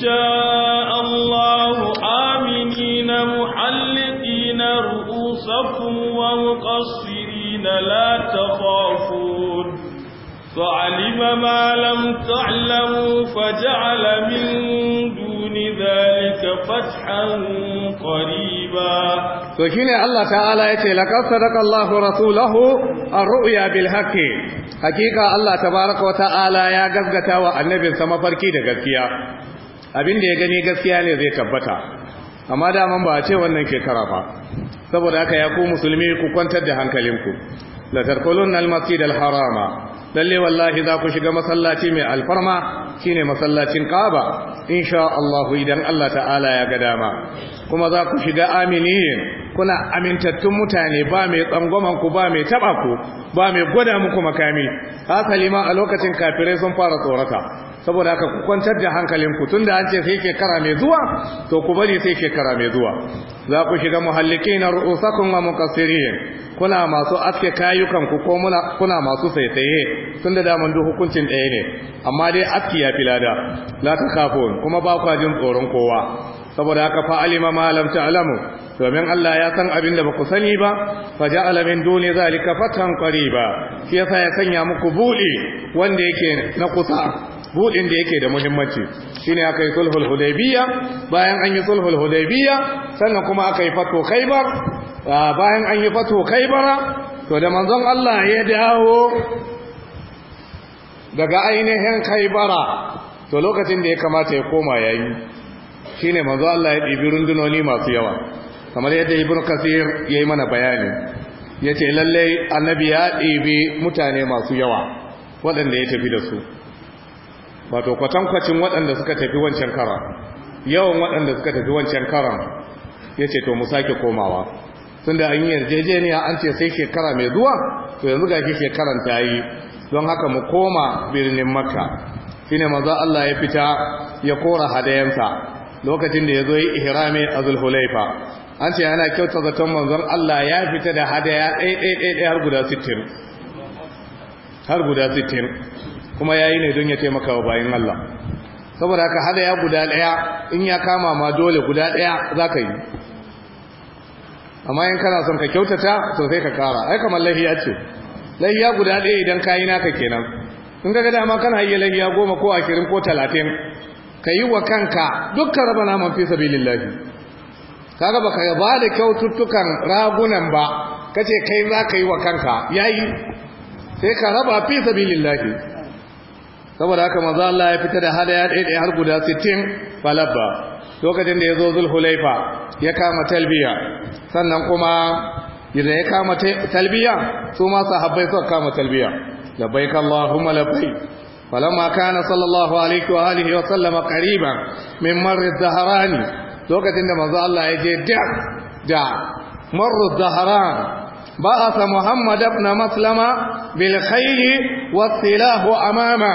شاء الله آمنين محلقين رؤوسكم ومقصرين لا تخافون فعلم ما لم تعلموا فجعل من دون ذلك فتحا قريبا وشين الله تعالى يتي لقد صدق الله رسوله الرؤيا بالحق حقيقة الله تبارك وتعالى يا غزغتا والنبي سما فركي da gaskiya abin da ya gani gaskiya ne zai tabbata amma daman ba a ce wannan ke ba saboda haka ya ku musulmi ku kwantar da hankalinku la tarkulun al-masjid al-harama lalle wallahi za ku shiga masallaci mai alfarma shine masallacin Kaaba insha Allah idan Allah ta'ala ya ga dama kuma za ku shiga aminin kuna amintattun mutane ba mai tsangwaman ku ba mai taba ku ba mai gwada muku makami hasali ma a lokacin kafirai sun fara tsorata saboda haka ku kwantar da hankalinku tunda an ce sai shekara mai zuwa to ku bari sai ke shekara mai zuwa za ku shiga na ru'usakum wa muqassirin kuna masu aske kayukan ku ko muna kuna masu saitaye tunda da duk hukuncin ɗaya ne amma dai aski ya filada la kafo kuma ba kwa jin tsoron kowa saboda haka fa alima ma lam ta'lamu domin Allah ya san abin da baku sani ba fa ja'ala min duni zalika fatan qariba shi yasa ya sanya muku buɗe wanda yake na kusa budin da yake da muhimmanci shine aka yi sulhul hudaybiya bayan an yi sulhul hudaybiya sannan kuma aka yi fatu khaybar bayan an yi fatu khaybar to da manzon Allah ya dawo daga ainihin khaybar to lokacin da ya kamata ya koma yayi shine manzon Allah ya ɗibi rundunoni masu yawa kamar yadda ibnu kasir yayi mana bayani yace lalle annabi ya dibi mutane masu yawa waɗanda ya tafi da su wato kwatankwacin waɗanda suka tafi wancan kara yawan waɗanda suka tafi wancan karan ya ce to mu sake komawa sun da an yi yarjejeniya an ce sai shekara mai zuwa to yanzu ga shi shekaran ta yi don haka mu koma birnin makka shi ne maza Allah ya fita ya kora hadayensa lokacin da ya zo yi ihrami a zulhulaifa an ce yana kyauta zaton manzon Allah ya fita da hadaya ɗaya har guda sittin har guda sittin kuma ya yi ne don ya taimaka wa bayan Allah saboda haka hada ya guda daya in ya kama ma dole guda daya ka yi amma in kana son ka kyautata to sai ka kara ai kamar lahiya ce lahiya guda daya idan kayi naka kenan in ga dama kana yi lahiya goma ko ashirin ko talatin ka yi wa kanka dukkan raba naman fi Ka raba ka ba da kyaututtukan ragunan ba ka ce kai za ka yi wa kanka yayi sai ka raba fi lillahi saboda haka manzo Allah ya fita da hadaya ɗaya ɗaya har guda 60 falabba lokacin da ya zo zulhulaifa ya kama talbiya sannan kuma idan ya kama talbiya su ma sahabbai suka kama talbiya labbaik allahumma labbaik falamma kana sallallahu alaihi wa alihi wa sallama qariban min marr az-zahrani lokacin da manzo Allah ya je da da marr az-zahran بعث maslama بن مسلمة بالخيل والسلاح أمامه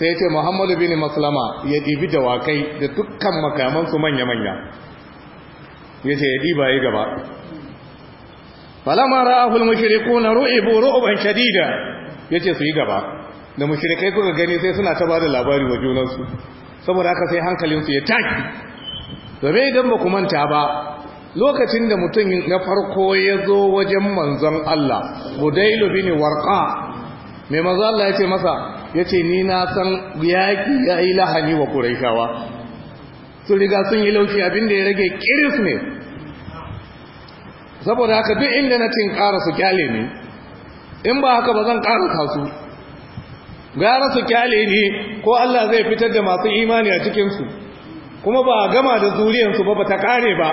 sai ce muhammadu bin maslama ya ɗibi dawakai da dukkan makamansu manya-manya ya ce ya ɗiba yi gaba falama ra'ahul mashiriku na ru'ibu ru'uban shadida ya ce su yi gaba da mashirikai suka gani sai suna taba da labari wa junansu saboda haka sai hankalinsu ya taki zabe idan ba ku manta ba lokacin da mutum na farko ya zo wajen manzon Allah budailu bin warqa mai manzon Allah ya ce masa ya ce ni na san yaƙi ya yi lahani wa kurai ƙuraishawa sun riga sun yi laushi abinda ya rage ƙiris ne saboda haka duk inda na cin ƙara su kyale ne in ba haka ba zan ƙara kasu gara su kyale ne ko Allah zai fitar da masu imani a cikinsu kuma ba a gama da zuriyarsu ba ba ta ƙare ba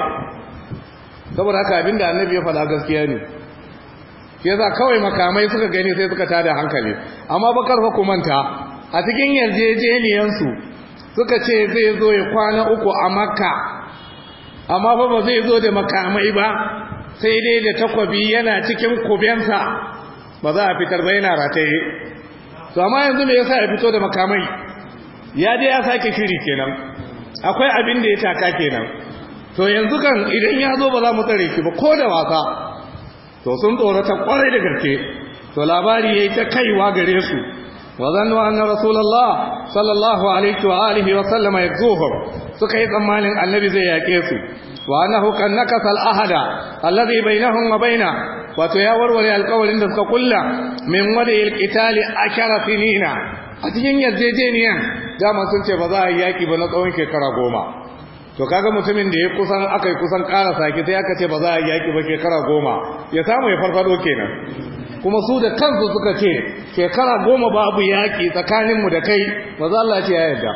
saboda haka abinda annabi ya faɗa gaskiya ne shi yasa kawai makamai suka gani sai suka tada hankali amma bakar hukumanta kumanta a cikin yarjejeniyansu suka ce zai zo ya kwana uku a makka amma fa ba zai zo da makamai ba sai dai da takwabi yana cikin kubensa ba za a fitar ba yana rataye to amma yanzu me yasa ya fito da makamai ya dai ya sake shiri kenan akwai abin da ya taka kenan to yanzu kan idan ya zo ba za mu tsare shi ba ko da wasa to sun tsorata kwarai da gaske to labari yayi ta kaiwa gare su wa zannu anna rasulullah sallallahu alaihi wa alihi wa suka yi tsammanin annabi zai yake su wa annahu kan nakasa ahada alladhi bainahum wa baina wato ya warware alƙawarin da suka kulla min wada ilqitali ashara sinina a cikin yarjejeniyan dama sun ce ba za a yi yaki ba na tsawon shekara goma to kaga mutumin da ya kusan aka yi kusan ƙara sake sai aka ce ba za a yi yaƙi ba shekara goma ya samu ya farfado kenan kuma su da kansu suka ce shekara goma babu yaƙi tsakaninmu da kai ba za Allah ce ya yarda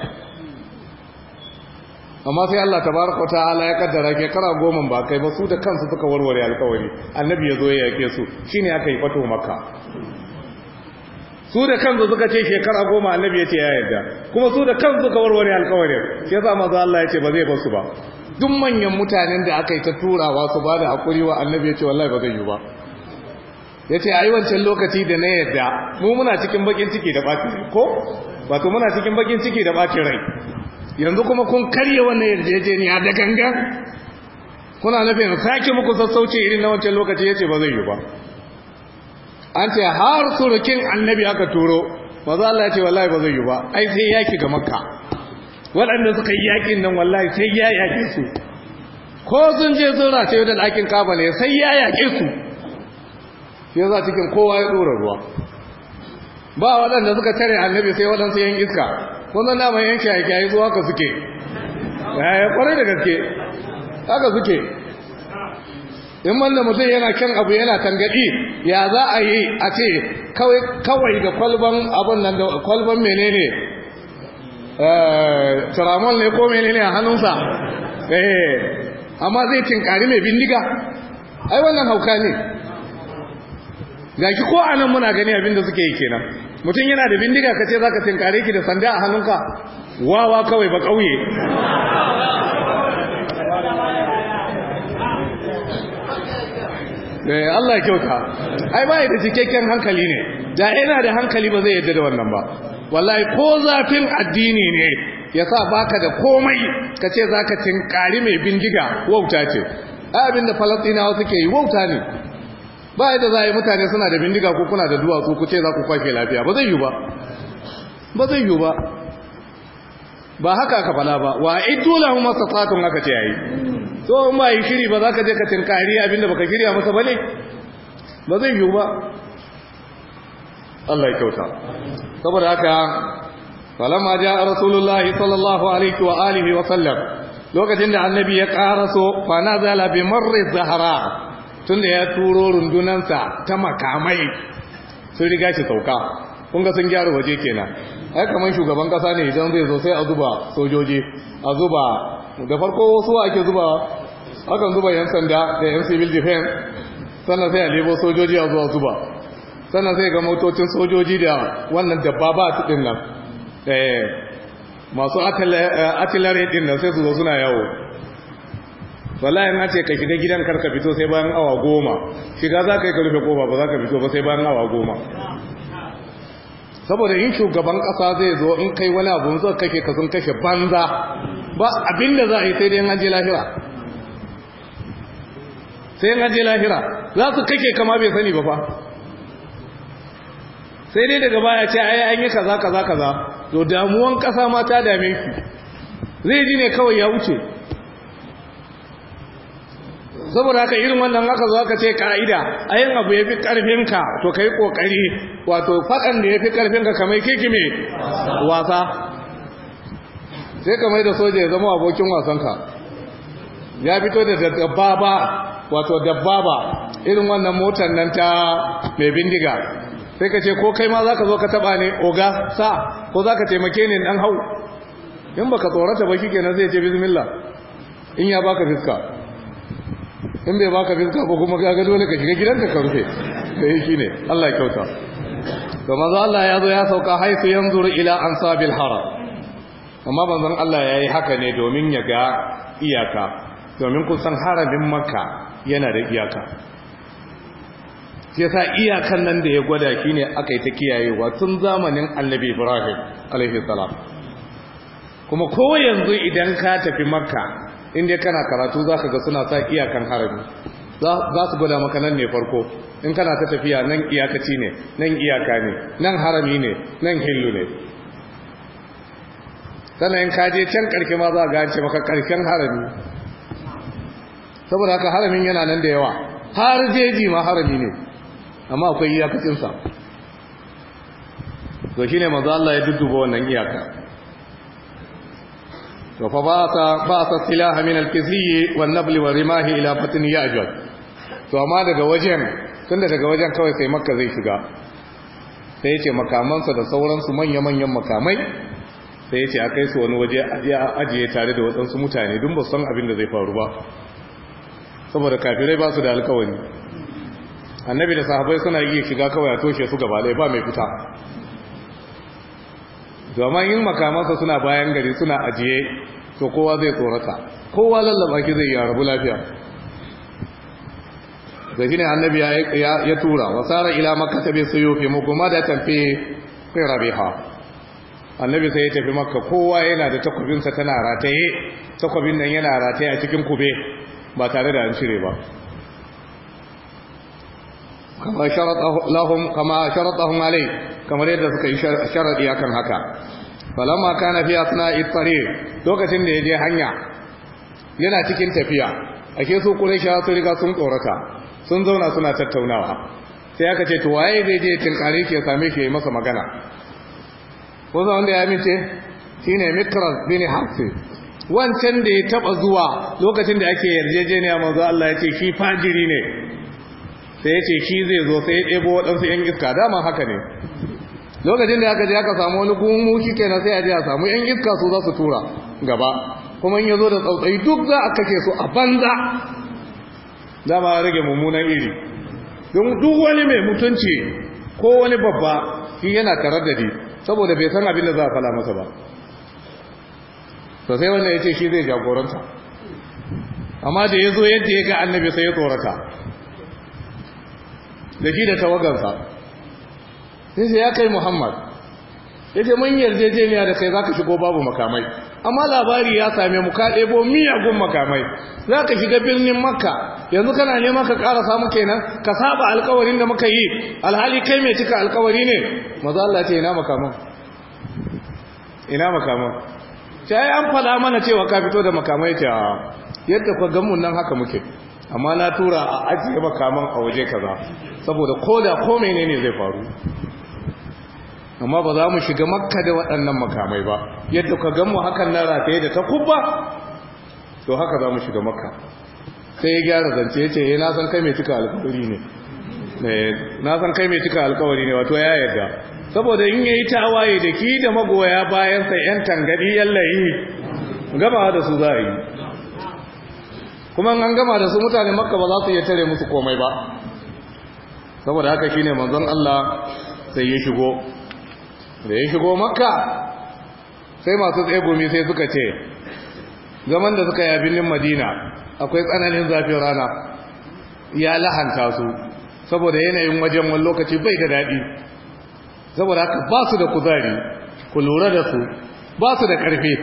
amma sai Allah ta ta ta'ala ya kaddara shekara goma ba kai ba su da kansu suka warware alkawari annabi ya zo ya yake su shi ne aka yi fato maka su da kansu suka ce shekara goma annabi ya ce ya yarda kuma su da kansu suka warware alkawarin ya sa maza Allah ya ce ba zai basu ba duk manyan mutanen da aka yi ta turawa su ba da hakuri wa annabi ya ce wallahi ba zai yi ba ya ce a yi wancan lokaci da na yarda mu muna cikin bakin ciki da ɓacin rai ko wato muna cikin bakin ciki da ɓacin rai yanzu kuma kun karye wannan yarjejeniya da gangan kuna nufin sake muku sassauce irin na wancan lokaci ya ce ba zai yi ba an ce har surukin annabi aka turo maza Allah ya ce wallahi ba zai yi ba ai sai yaki ga makka waɗanda suka yi yakin nan wallahi sai ya yaƙe su ko sun je sun race da ɗakin kaba ne sai ya yaƙe su sai za cikin kowa ya ɗora ruwa ba waɗanda suka tare annabi sai waɗansu yan iska kun zan dama yan shayi zuwa ka suke ya eh, kwarai da gaske haka suke in wanda mutum yana kyan abu yana tangadi ya za a yi a ce kawai da kwalban abin nan da kwalban ne? Eh, Turamon ne ko ne a hannunsa eh, amma zai tinkari mai bindiga ai wannan hauka ne ki ko anan muna gani abin da suke yi kenan mutum yana da bindiga ka ce za ka tinkare ki da sanda a hannunka wawa kawai ba ƙauye. Eh, Allah kyauta ai bai da cikakken hankali ne da yana da hankali ba zai yadda da wannan ba wallahi ko zafin addini ne ya sa baka da komai ka ce za ka tinkari mai bindiga wauta ce abin da falastinawa suke yi wauta ne ba yadda za a yi mutane suna da bindiga ko kuna da duwatsu ku ce za ku kwashe lafiya ba zai yi ba ba zai yi ba ba haka aka fala ba wa iddu lahu mastata'tum aka ce yayi to in ba yi shiri ba za ka je ka tinkari abinda baka shirya masa bane ba zai yiwu ba Allah ya kyauta saboda haka falamma ja rasulullahi sallallahu alaihi wa alihi wa sallam lokacin da annabi ya karaso fa nazala bi marri zahra tunda ya turo rundunansa ta makamai sun riga shi sauka kun ga sun gyara waje kenan ya kamar shugaban kasa ne idan zai zo sai a zuba sojoji a zuba da farko wasu ake zuba akan zuba yan sanda da yan civil defense sannan sai a lebo sojoji a zuwa zuba sannan sai ga motocin sojoji da wannan dabba ba su din nan eh, masu eh, artillery din nan sai su zo suna yawo wallahi na ce ka shiga gidan karka fito sai bayan awa goma shiga za ka yi ka rufe kofa ba za ka fito ba sai bayan awa goma saboda in shugaban kasa zai zo in kai wani abu zai kake ka sun kashe banza ba abinda za a yi sai dai an je lahira sai an lahira za su kake kama bai sani ba fa sai dai daga baya ce ai an yi kaza kaza kaza to damuwan kasa ma ta dame ki zai ji ne kawai ya wuce saboda haka irin wannan haka zo ka ce ka'ida a yin abu ya fi ƙarfinka to ka yi ƙoƙari wato faɗan da ya fi ƙarfinka kamar kikime wasa sai ka mai da soja ya zama abokin wasanka ya fito da dabba wato dabba irin wannan motar nan ta mai bindiga sai ka ce ko kai ma za ka zo ka taba ne oga sa ko za ka taimake ni dan hau in baka tsorata ba kike nan zai ce bismillah in ya baka fiska in bai baka fiska ba kuma gado dole ka shiga gidanka ka rufe da eh, shi ne Allah ya kyauta to manzo Allah ya zo ya sauka haifu yanzuru ila ansabil haram amma manzon Allah yayi haka ne domin ya ga iyaka domin kun san haramin makka yana da iyaka sai sa iyakan nan da ya gwada shine aka yi ta kiyayewa tun zamanin annabi ibrahim alaihi salam kuma ko yanzu idan ka tafi makka In dai kana karatu za ka ga suna sa iyakan harami za su gwada maka nan ne farko in kana ta tafiya nan iyakaci ne nan iyaka ne nan harami ne nan hillu ne sannan ka kaje can karke ma za a gance maka karshen harami saboda haka haramin yana nan da yawa har jeji ma harami ne amma akwai iyakacinsa to ne maza Allah ya dudduba wannan iyaka to fa ba sa ba sa silaha min al-kiziyyi wan nabli wa rimahi ila batni ya'jud to amma daga wajen tunda daga wajen kawai sai makka zai shiga sai yace makamansa da sauransu manya-manyan makamai sai yace a kai su wani waje ya ajiye tare da waɗansu mutane dun ba san abin da zai faru ba saboda kafirai ba su da alkawari annabi da sahabbai suna iya shiga kawai a toshe su gaba ba mai fita domin yin makamansa suna bayan gari suna ajiye to kowa zai tsorata kowa lallaba ki zai yara bu lafiya da shi ne annabi ya tura wasara ila ta bai sayo fi muguma da tafi rabi ha. annabi sai ya tafi maka kowa yana da takwabinsa tana rataye takwabin nan yana rataye a cikin kube ba tare da an cire ba kama sharatahum alai kamar yadda suka yi sharadi akan haka falamma kana fi asna'i tariq lokacin da yaje hanya yana cikin tafiya ake su quraisha su riga sun tsorata sun zauna suna tattaunawa sai aka ce to waye zai je tinkare ke same shi masa magana ko wanda ya mince shine mikras bin hafi wancan da ya taba zuwa lokacin da ake yarjejeniya manzo Allah ya ce shi fajiri ne sai ya ce shi zai zo sai ya ɗebo waɗansu ‘yan iska dama haka ne lokacin da aka je aka samu wani gumu shikenan sai a je a samu yan iska su za su tura gaba kuma in yazo da tsautsayi duk za a kake su a banza dama rage mummunan iri don duk wani mai mutunci ko wani babba shi yana taraddadi saboda bai san abin da za a fala masa ba to sai wanda ce shi zai jagoranta amma da yazo yadda ya ga annabi sai ya tsorata da shi da tawagansa sai sai ya kai muhammad ya ce mun yarjejeniya da kai za ka shigo babu makamai amma labari ya same mu ka ɗebo miyagun makamai za ka shiga birnin makka yanzu kana neman ka ƙara samu kenan ka saba alkawarin da muka yi alhali kai mai cika alkawari ne maza Allah ce ina makaman ina an faɗa mana cewa ka fito da makamai ta yadda kwa gamun nan haka muke amma na tura a ajiye makaman a waje kaza saboda ko da ko menene zai faru amma ba za mu shiga makka da waɗannan makamai ba yadda ka gan mu hakan na rataye da ta kubba to haka za mu shiga makka sai ya gyara zance ya ce eh, na san kai mai cika alkawari eh, ne wato ya yarda saboda in yayi tawaye da ki da magoya bayan sai yan tangadi yallahi gama da su za yi kuma an gama da su mutane makka ba za su iya tare musu komai ba saboda haka shine manzon Allah sai ya shigo da ya shigo makka sai masu tsegumi sai suka ce zaman da suka yabinin madina akwai tsananin zafin rana ya lahanta su saboda yanayin wajen wani lokaci bai da daɗi saboda haka ba su da kuzari ku lura da su ba su da ƙarfi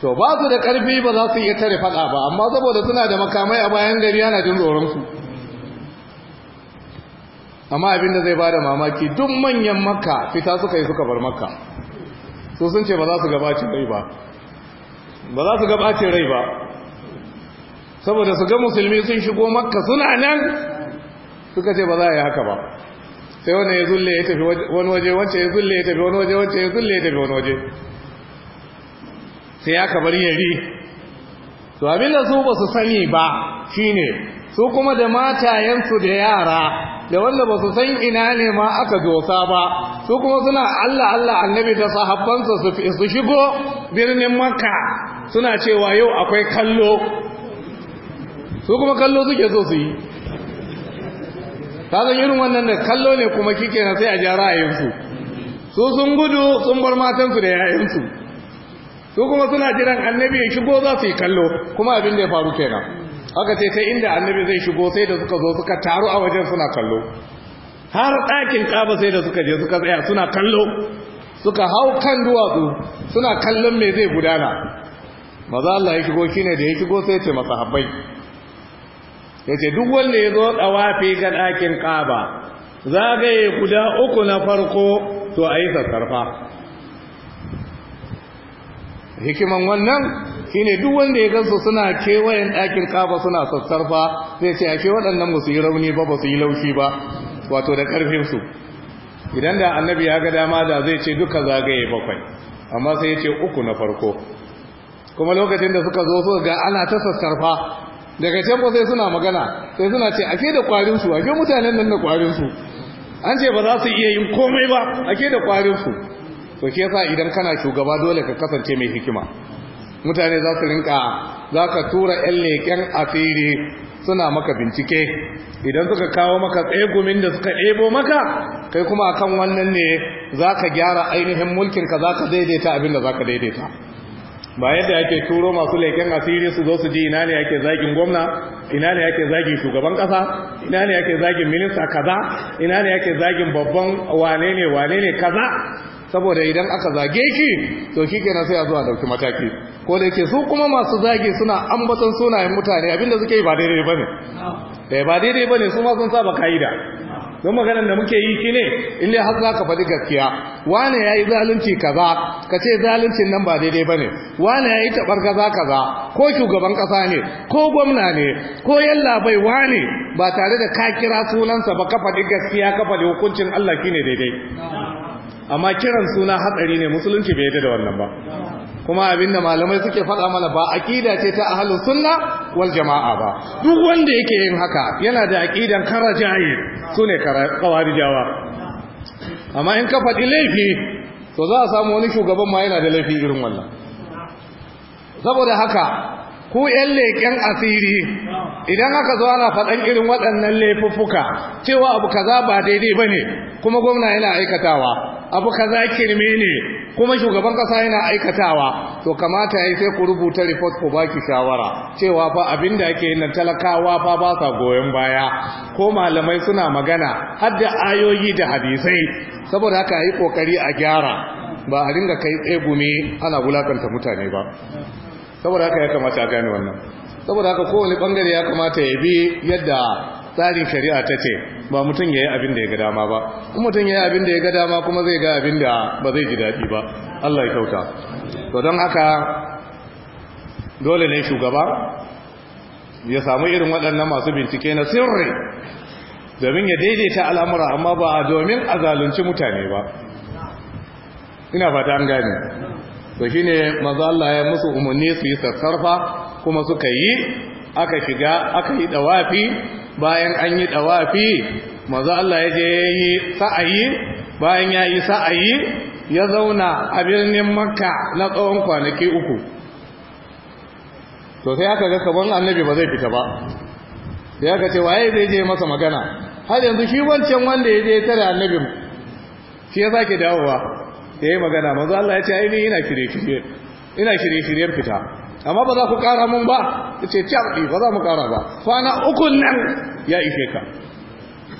to ba su da ƙarfi ba za su iya tare faɗa ba amma saboda suna da makamai a bayan gari yana jin tsoronsu amma abinda zai bada mamaki duk manyan makka fita suka yi suka bar makka su sun ce ba za su gabace rai ba ba za su gabace rai ba saboda su ga musulmi sun shigo makka suna nan suka ce ba za a yi haka ba sai wani ya zulle ya tafi wani waje wacce ya zulle ya tafi wani waje wacce ya zulle ya tafi wani waje sai ya kabar yari to abinda su ba su sani ba shine su kuma da matayensu da yara da wanda ba su san ina ne ma aka dosa ba su kuma suna Allah Allah annabi da sahabbansa su su shigo birnin makka suna cewa yau akwai kallo su kuma kallo suke so su yi Ta kasan irin wannan da kallo ne kuma kike na sai a ja ra'ayinsu su sun gudu sun bar matansu da yayansu su kuma suna jiran annabi ya shigo za su yi kallo kuma abin da ya faru kenan aka ce sai inda annabi zai shigo sai da suka zo suka taru a wajen suna kallo har ɗakin kaba sai da suka je suka tsaya suna kallo suka hau kan duwatsu suna kallon me zai gudana maza Allah ya shigo shine da ya shigo sai ce masa habbai ya ce duk wanda ya zo ɗawafi ga ɗakin kaba zagaye guda uku na farko to a yi sassarfa hikiman wannan shine duk wanda ya gansu suna kewayen ɗakin kafa suna sassarfa zai ce ake waɗannan ba su yi rauni ba ba su yi laushi ba wato da ƙarfinsu idan da annabi ya ga dama da zai ce duka zagaye bakwai amma sai ya ce uku na farko kuma lokacin da suka zo suka ga ana ta sassarfa daga can ba sai suna magana sai suna ce ake da ƙwarinsu ake mutanen nan da ƙwarinsu an ce ba za su iya yin komai ba ake da kwarinsu to shi yasa idan kana shugaba dole ka kasance mai hikima mutane za su rinka za ka tura 'yan leƙen asiri suna maka bincike idan suka kawo maka tsegumin da suka ɗebo maka kai kuma akan wannan ne za ka gyara ainihin mulkinka za ka daidaita abinda da za ka daidaita ba yadda ake turo masu leƙen asiri su zo su ji ina ne ake zagin gwamna ina ne ake zagin shugaban ƙasa ina ne ake zagin minista kaza ina ne ake zagin babban wane ne wane ne kaza saboda idan aka zage ki to shi kenan sai a zuwa dauki mataki ko da yake su kuma masu zage suna ambaton sunayen mutane abinda suke yi ba daidai bane eh ba daidai bane su ma sun saba kaida don maganar da muke yi kine? in dai har zaka faɗi gaskiya wane yi zalunci kaza ka ce zaluncin nan ba daidai bane wane yi tabar kaza kaza ko shugaban kasa ne ko gwamna ne ko yalla bai wane ba tare da ka kira sunansa ba ka faɗi gaskiya ka faɗi hukuncin Allah shine daidai amma kiran suna hatsari ne musulunci bai yadda da wannan ba kuma abinda malamai suke faɗa mana ba aqida ce ta ahlus sunna wal jama'a ba duk wanda yake yin haka yana da aqidan karajaye sune kawarijawa amma in ka faɗi laifi to za a samu wani shugaban ma yana da laifi irin wannan saboda haka ku yan leƙen asiri idan aka zo ana faɗan irin waɗannan laifuffuka cewa abu kaza ba daidai bane kuma gwamna yana aikatawa abu kaza kirme ne kuma shugaban kasa yana aikatawa to kamata yayi sai ku rubuta report ku baki shawara cewa fa abinda ake yin nan talakawa fa ba sa goyon baya ko malamai suna magana har da ayoyi da hadisai saboda haka yi kokari a gyara ba a ringa kai ne, ana wulakanta mutane ba saboda haka ya kamata a gane wannan saboda haka kowane bangare ya kamata ya bi yadda tsarin shari'a ta ce ba mutum ya yi abin da ya ga dama ba kuma mutum ya yi abin da ya ga dama kuma zai ga abin da ba zai ji daɗi ba Allah ya kyauta to don haka dole ne shugaba ya samu irin waɗannan masu bincike na sirri domin ya daidaita al'amura amma ba domin a zalunci mutane ba ina fata an gane to ne maza ya musu umarni su yi sassarfa kuma suka yi aka shiga aka yi dawafi bayan an yi dawafi manzo Allah ya je yi sa'ayi bayan ya yi sa'ayi ya zauna a birnin makka na tsawon kwanaki uku to sai aka ga kaban annabi ba zai fita ba sai aka ce waye zai je masa magana har yanzu shi wancan wanda ya je tare annabi shi ya sake dawowa yayi magana manzo Allah ya ce ai ni ina shirye-shiryen fita amma ba za ku ƙara mun ba ya ce caɓi ba za mu ƙara ba kwana uku nan ya ishe ka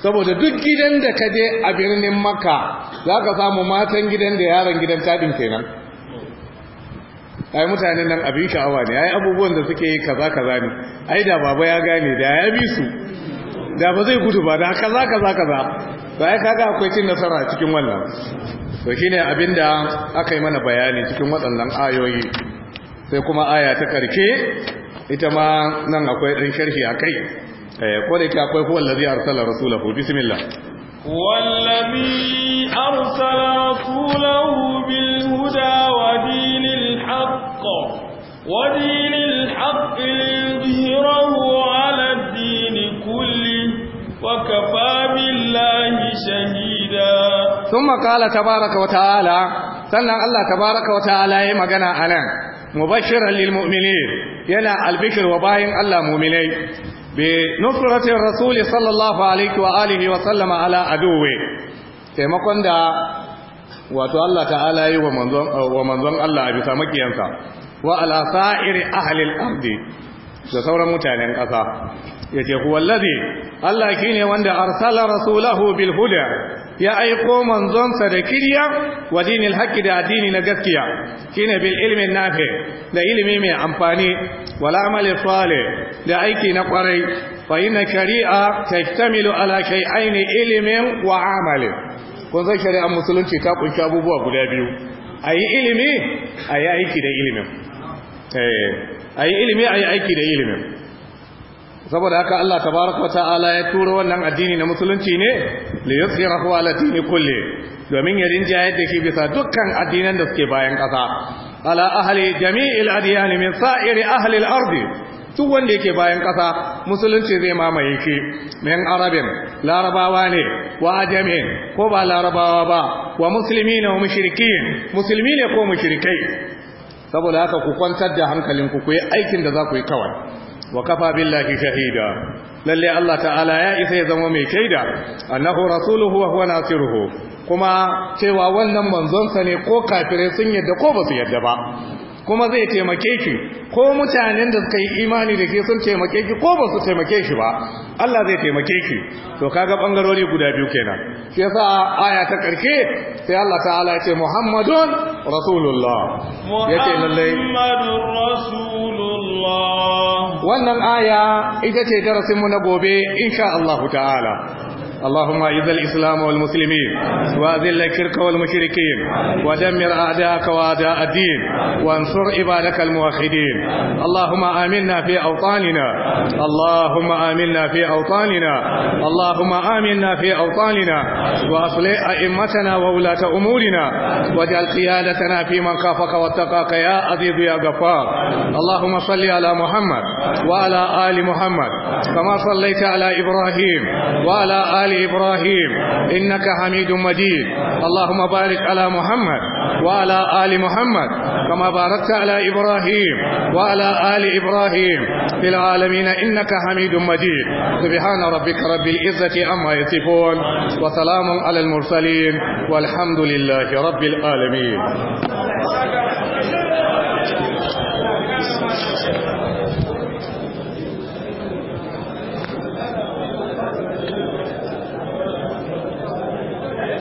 saboda duk gidan da ka je a birnin makka za ka samu matan gidan da yaron gidan taɗin kenan ai mutanen nan abin sha'awa ne ai abubuwan da suke yi kaza kaza ne ai da baba ya gane da ya bi su da ba zai gudu ba da kaza kaza kaza ba ya kaga akwai cin nasara cikin wannan to shine abinda aka yi mana bayani cikin waɗannan ayoyi sai kuma aya ta karke ita ma nan akwai ɗan sharhi a kai eh, ko da ke akwai huwa lazi arsala rasulahu bismillah والذي أرسل رسوله بالهدى ودين الحق ودين الحق ليظهره على الدين كله وكفى بالله شهيدا ثم tabaraka تبارك وتعالى sannan Allah tabaraka wa ta'ala yi magana anan mubashiran lil yana albishir wa bayin Allah mu'minai bi nusratir rasul sallallahu alaihi wa alihi wa sallama ala aduwi taimakon da wato Allah ta'ala yi wa manzon wa manzon Allah a bisa makiyansa wa ala sa'iri ahli al-ardi da sauran mutanen ƙasa yace huwallazi Allah shine wanda arsala rasulahu bil huda ya aiko manzonsa da kiriya wa dinil haqqi da addini na gaskiya kine bil ilmin nafi da ilimi mai amfani wal amali salih da aiki na kwarai fa inna shari'a tahtamilu ala shay'ain ilmin wa amali kun san shari'a musulunci ta kunshi abubuwa guda biyu ayi ilimi ayi aiki da ilimin eh ayi ilimi ayi aiki da ilimin saboda haka Allah tabaraka ta'ala ya turo wannan addini na musulunci ne li yusirahu ala dini kulli domin ya rinja yadda ke bisa dukkan addinan da suke bayan ƙasa ala ahli jami'il adyan min sa'ir ahli al ardh duk wanda yake bayan ƙasa musulunci zai mamaye ki min arabin larabawa ne wa ajamin ko ba larabawa ba wa muslimina wa mushrikin musulmi ne ko mushrikai saboda haka ku kwantar da hankalinku ku yi aikin da za ku yi kawai wa kafa billahi shahida lalle Allah ta'ala ya isa ya zama mai kaida annahu rasuluhu wa huwa nasiruhu kuma cewa wannan manzonsa ne ko kafirai sun yadda ko ba su yadda ba kuma zai taimake ki ko mutanen da suka yi imani da ke sun taimake ki ko ba su taimake shi ba Allah zai taimake ki to kaga bangarori guda biyu kenan shi yasa aya ta karke sai Allah ta'ala ya ce Muhammadun Rasulullah yake lalle Muhammadur Rasulullah wannan aya ita ce darasinmu na gobe insha Allah ta'ala اللهم اعز الاسلام والمسلمين واذل الشرك والمشركين ودمر اعداءك واعداء الدين وانصر عبادك الموحدين اللهم امنا في اوطاننا اللهم امنا في اوطاننا اللهم امنا في اوطاننا واصلح ائمتنا وولاة امورنا واجعل قيادتنا في من خافك واتقاك يا عزيز يا غفار اللهم صل على محمد وعلى ال محمد كما صليت على ابراهيم وعلى ال آل إبراهيم إنك حميد مجيد اللهم بارك على محمد وعلى آل محمد كما باركت على إبراهيم وعلى آل إبراهيم في العالمين إنك حميد مجيد سبحان ربك رب العزة عما يصفون وسلام على المرسلين والحمد لله رب العالمين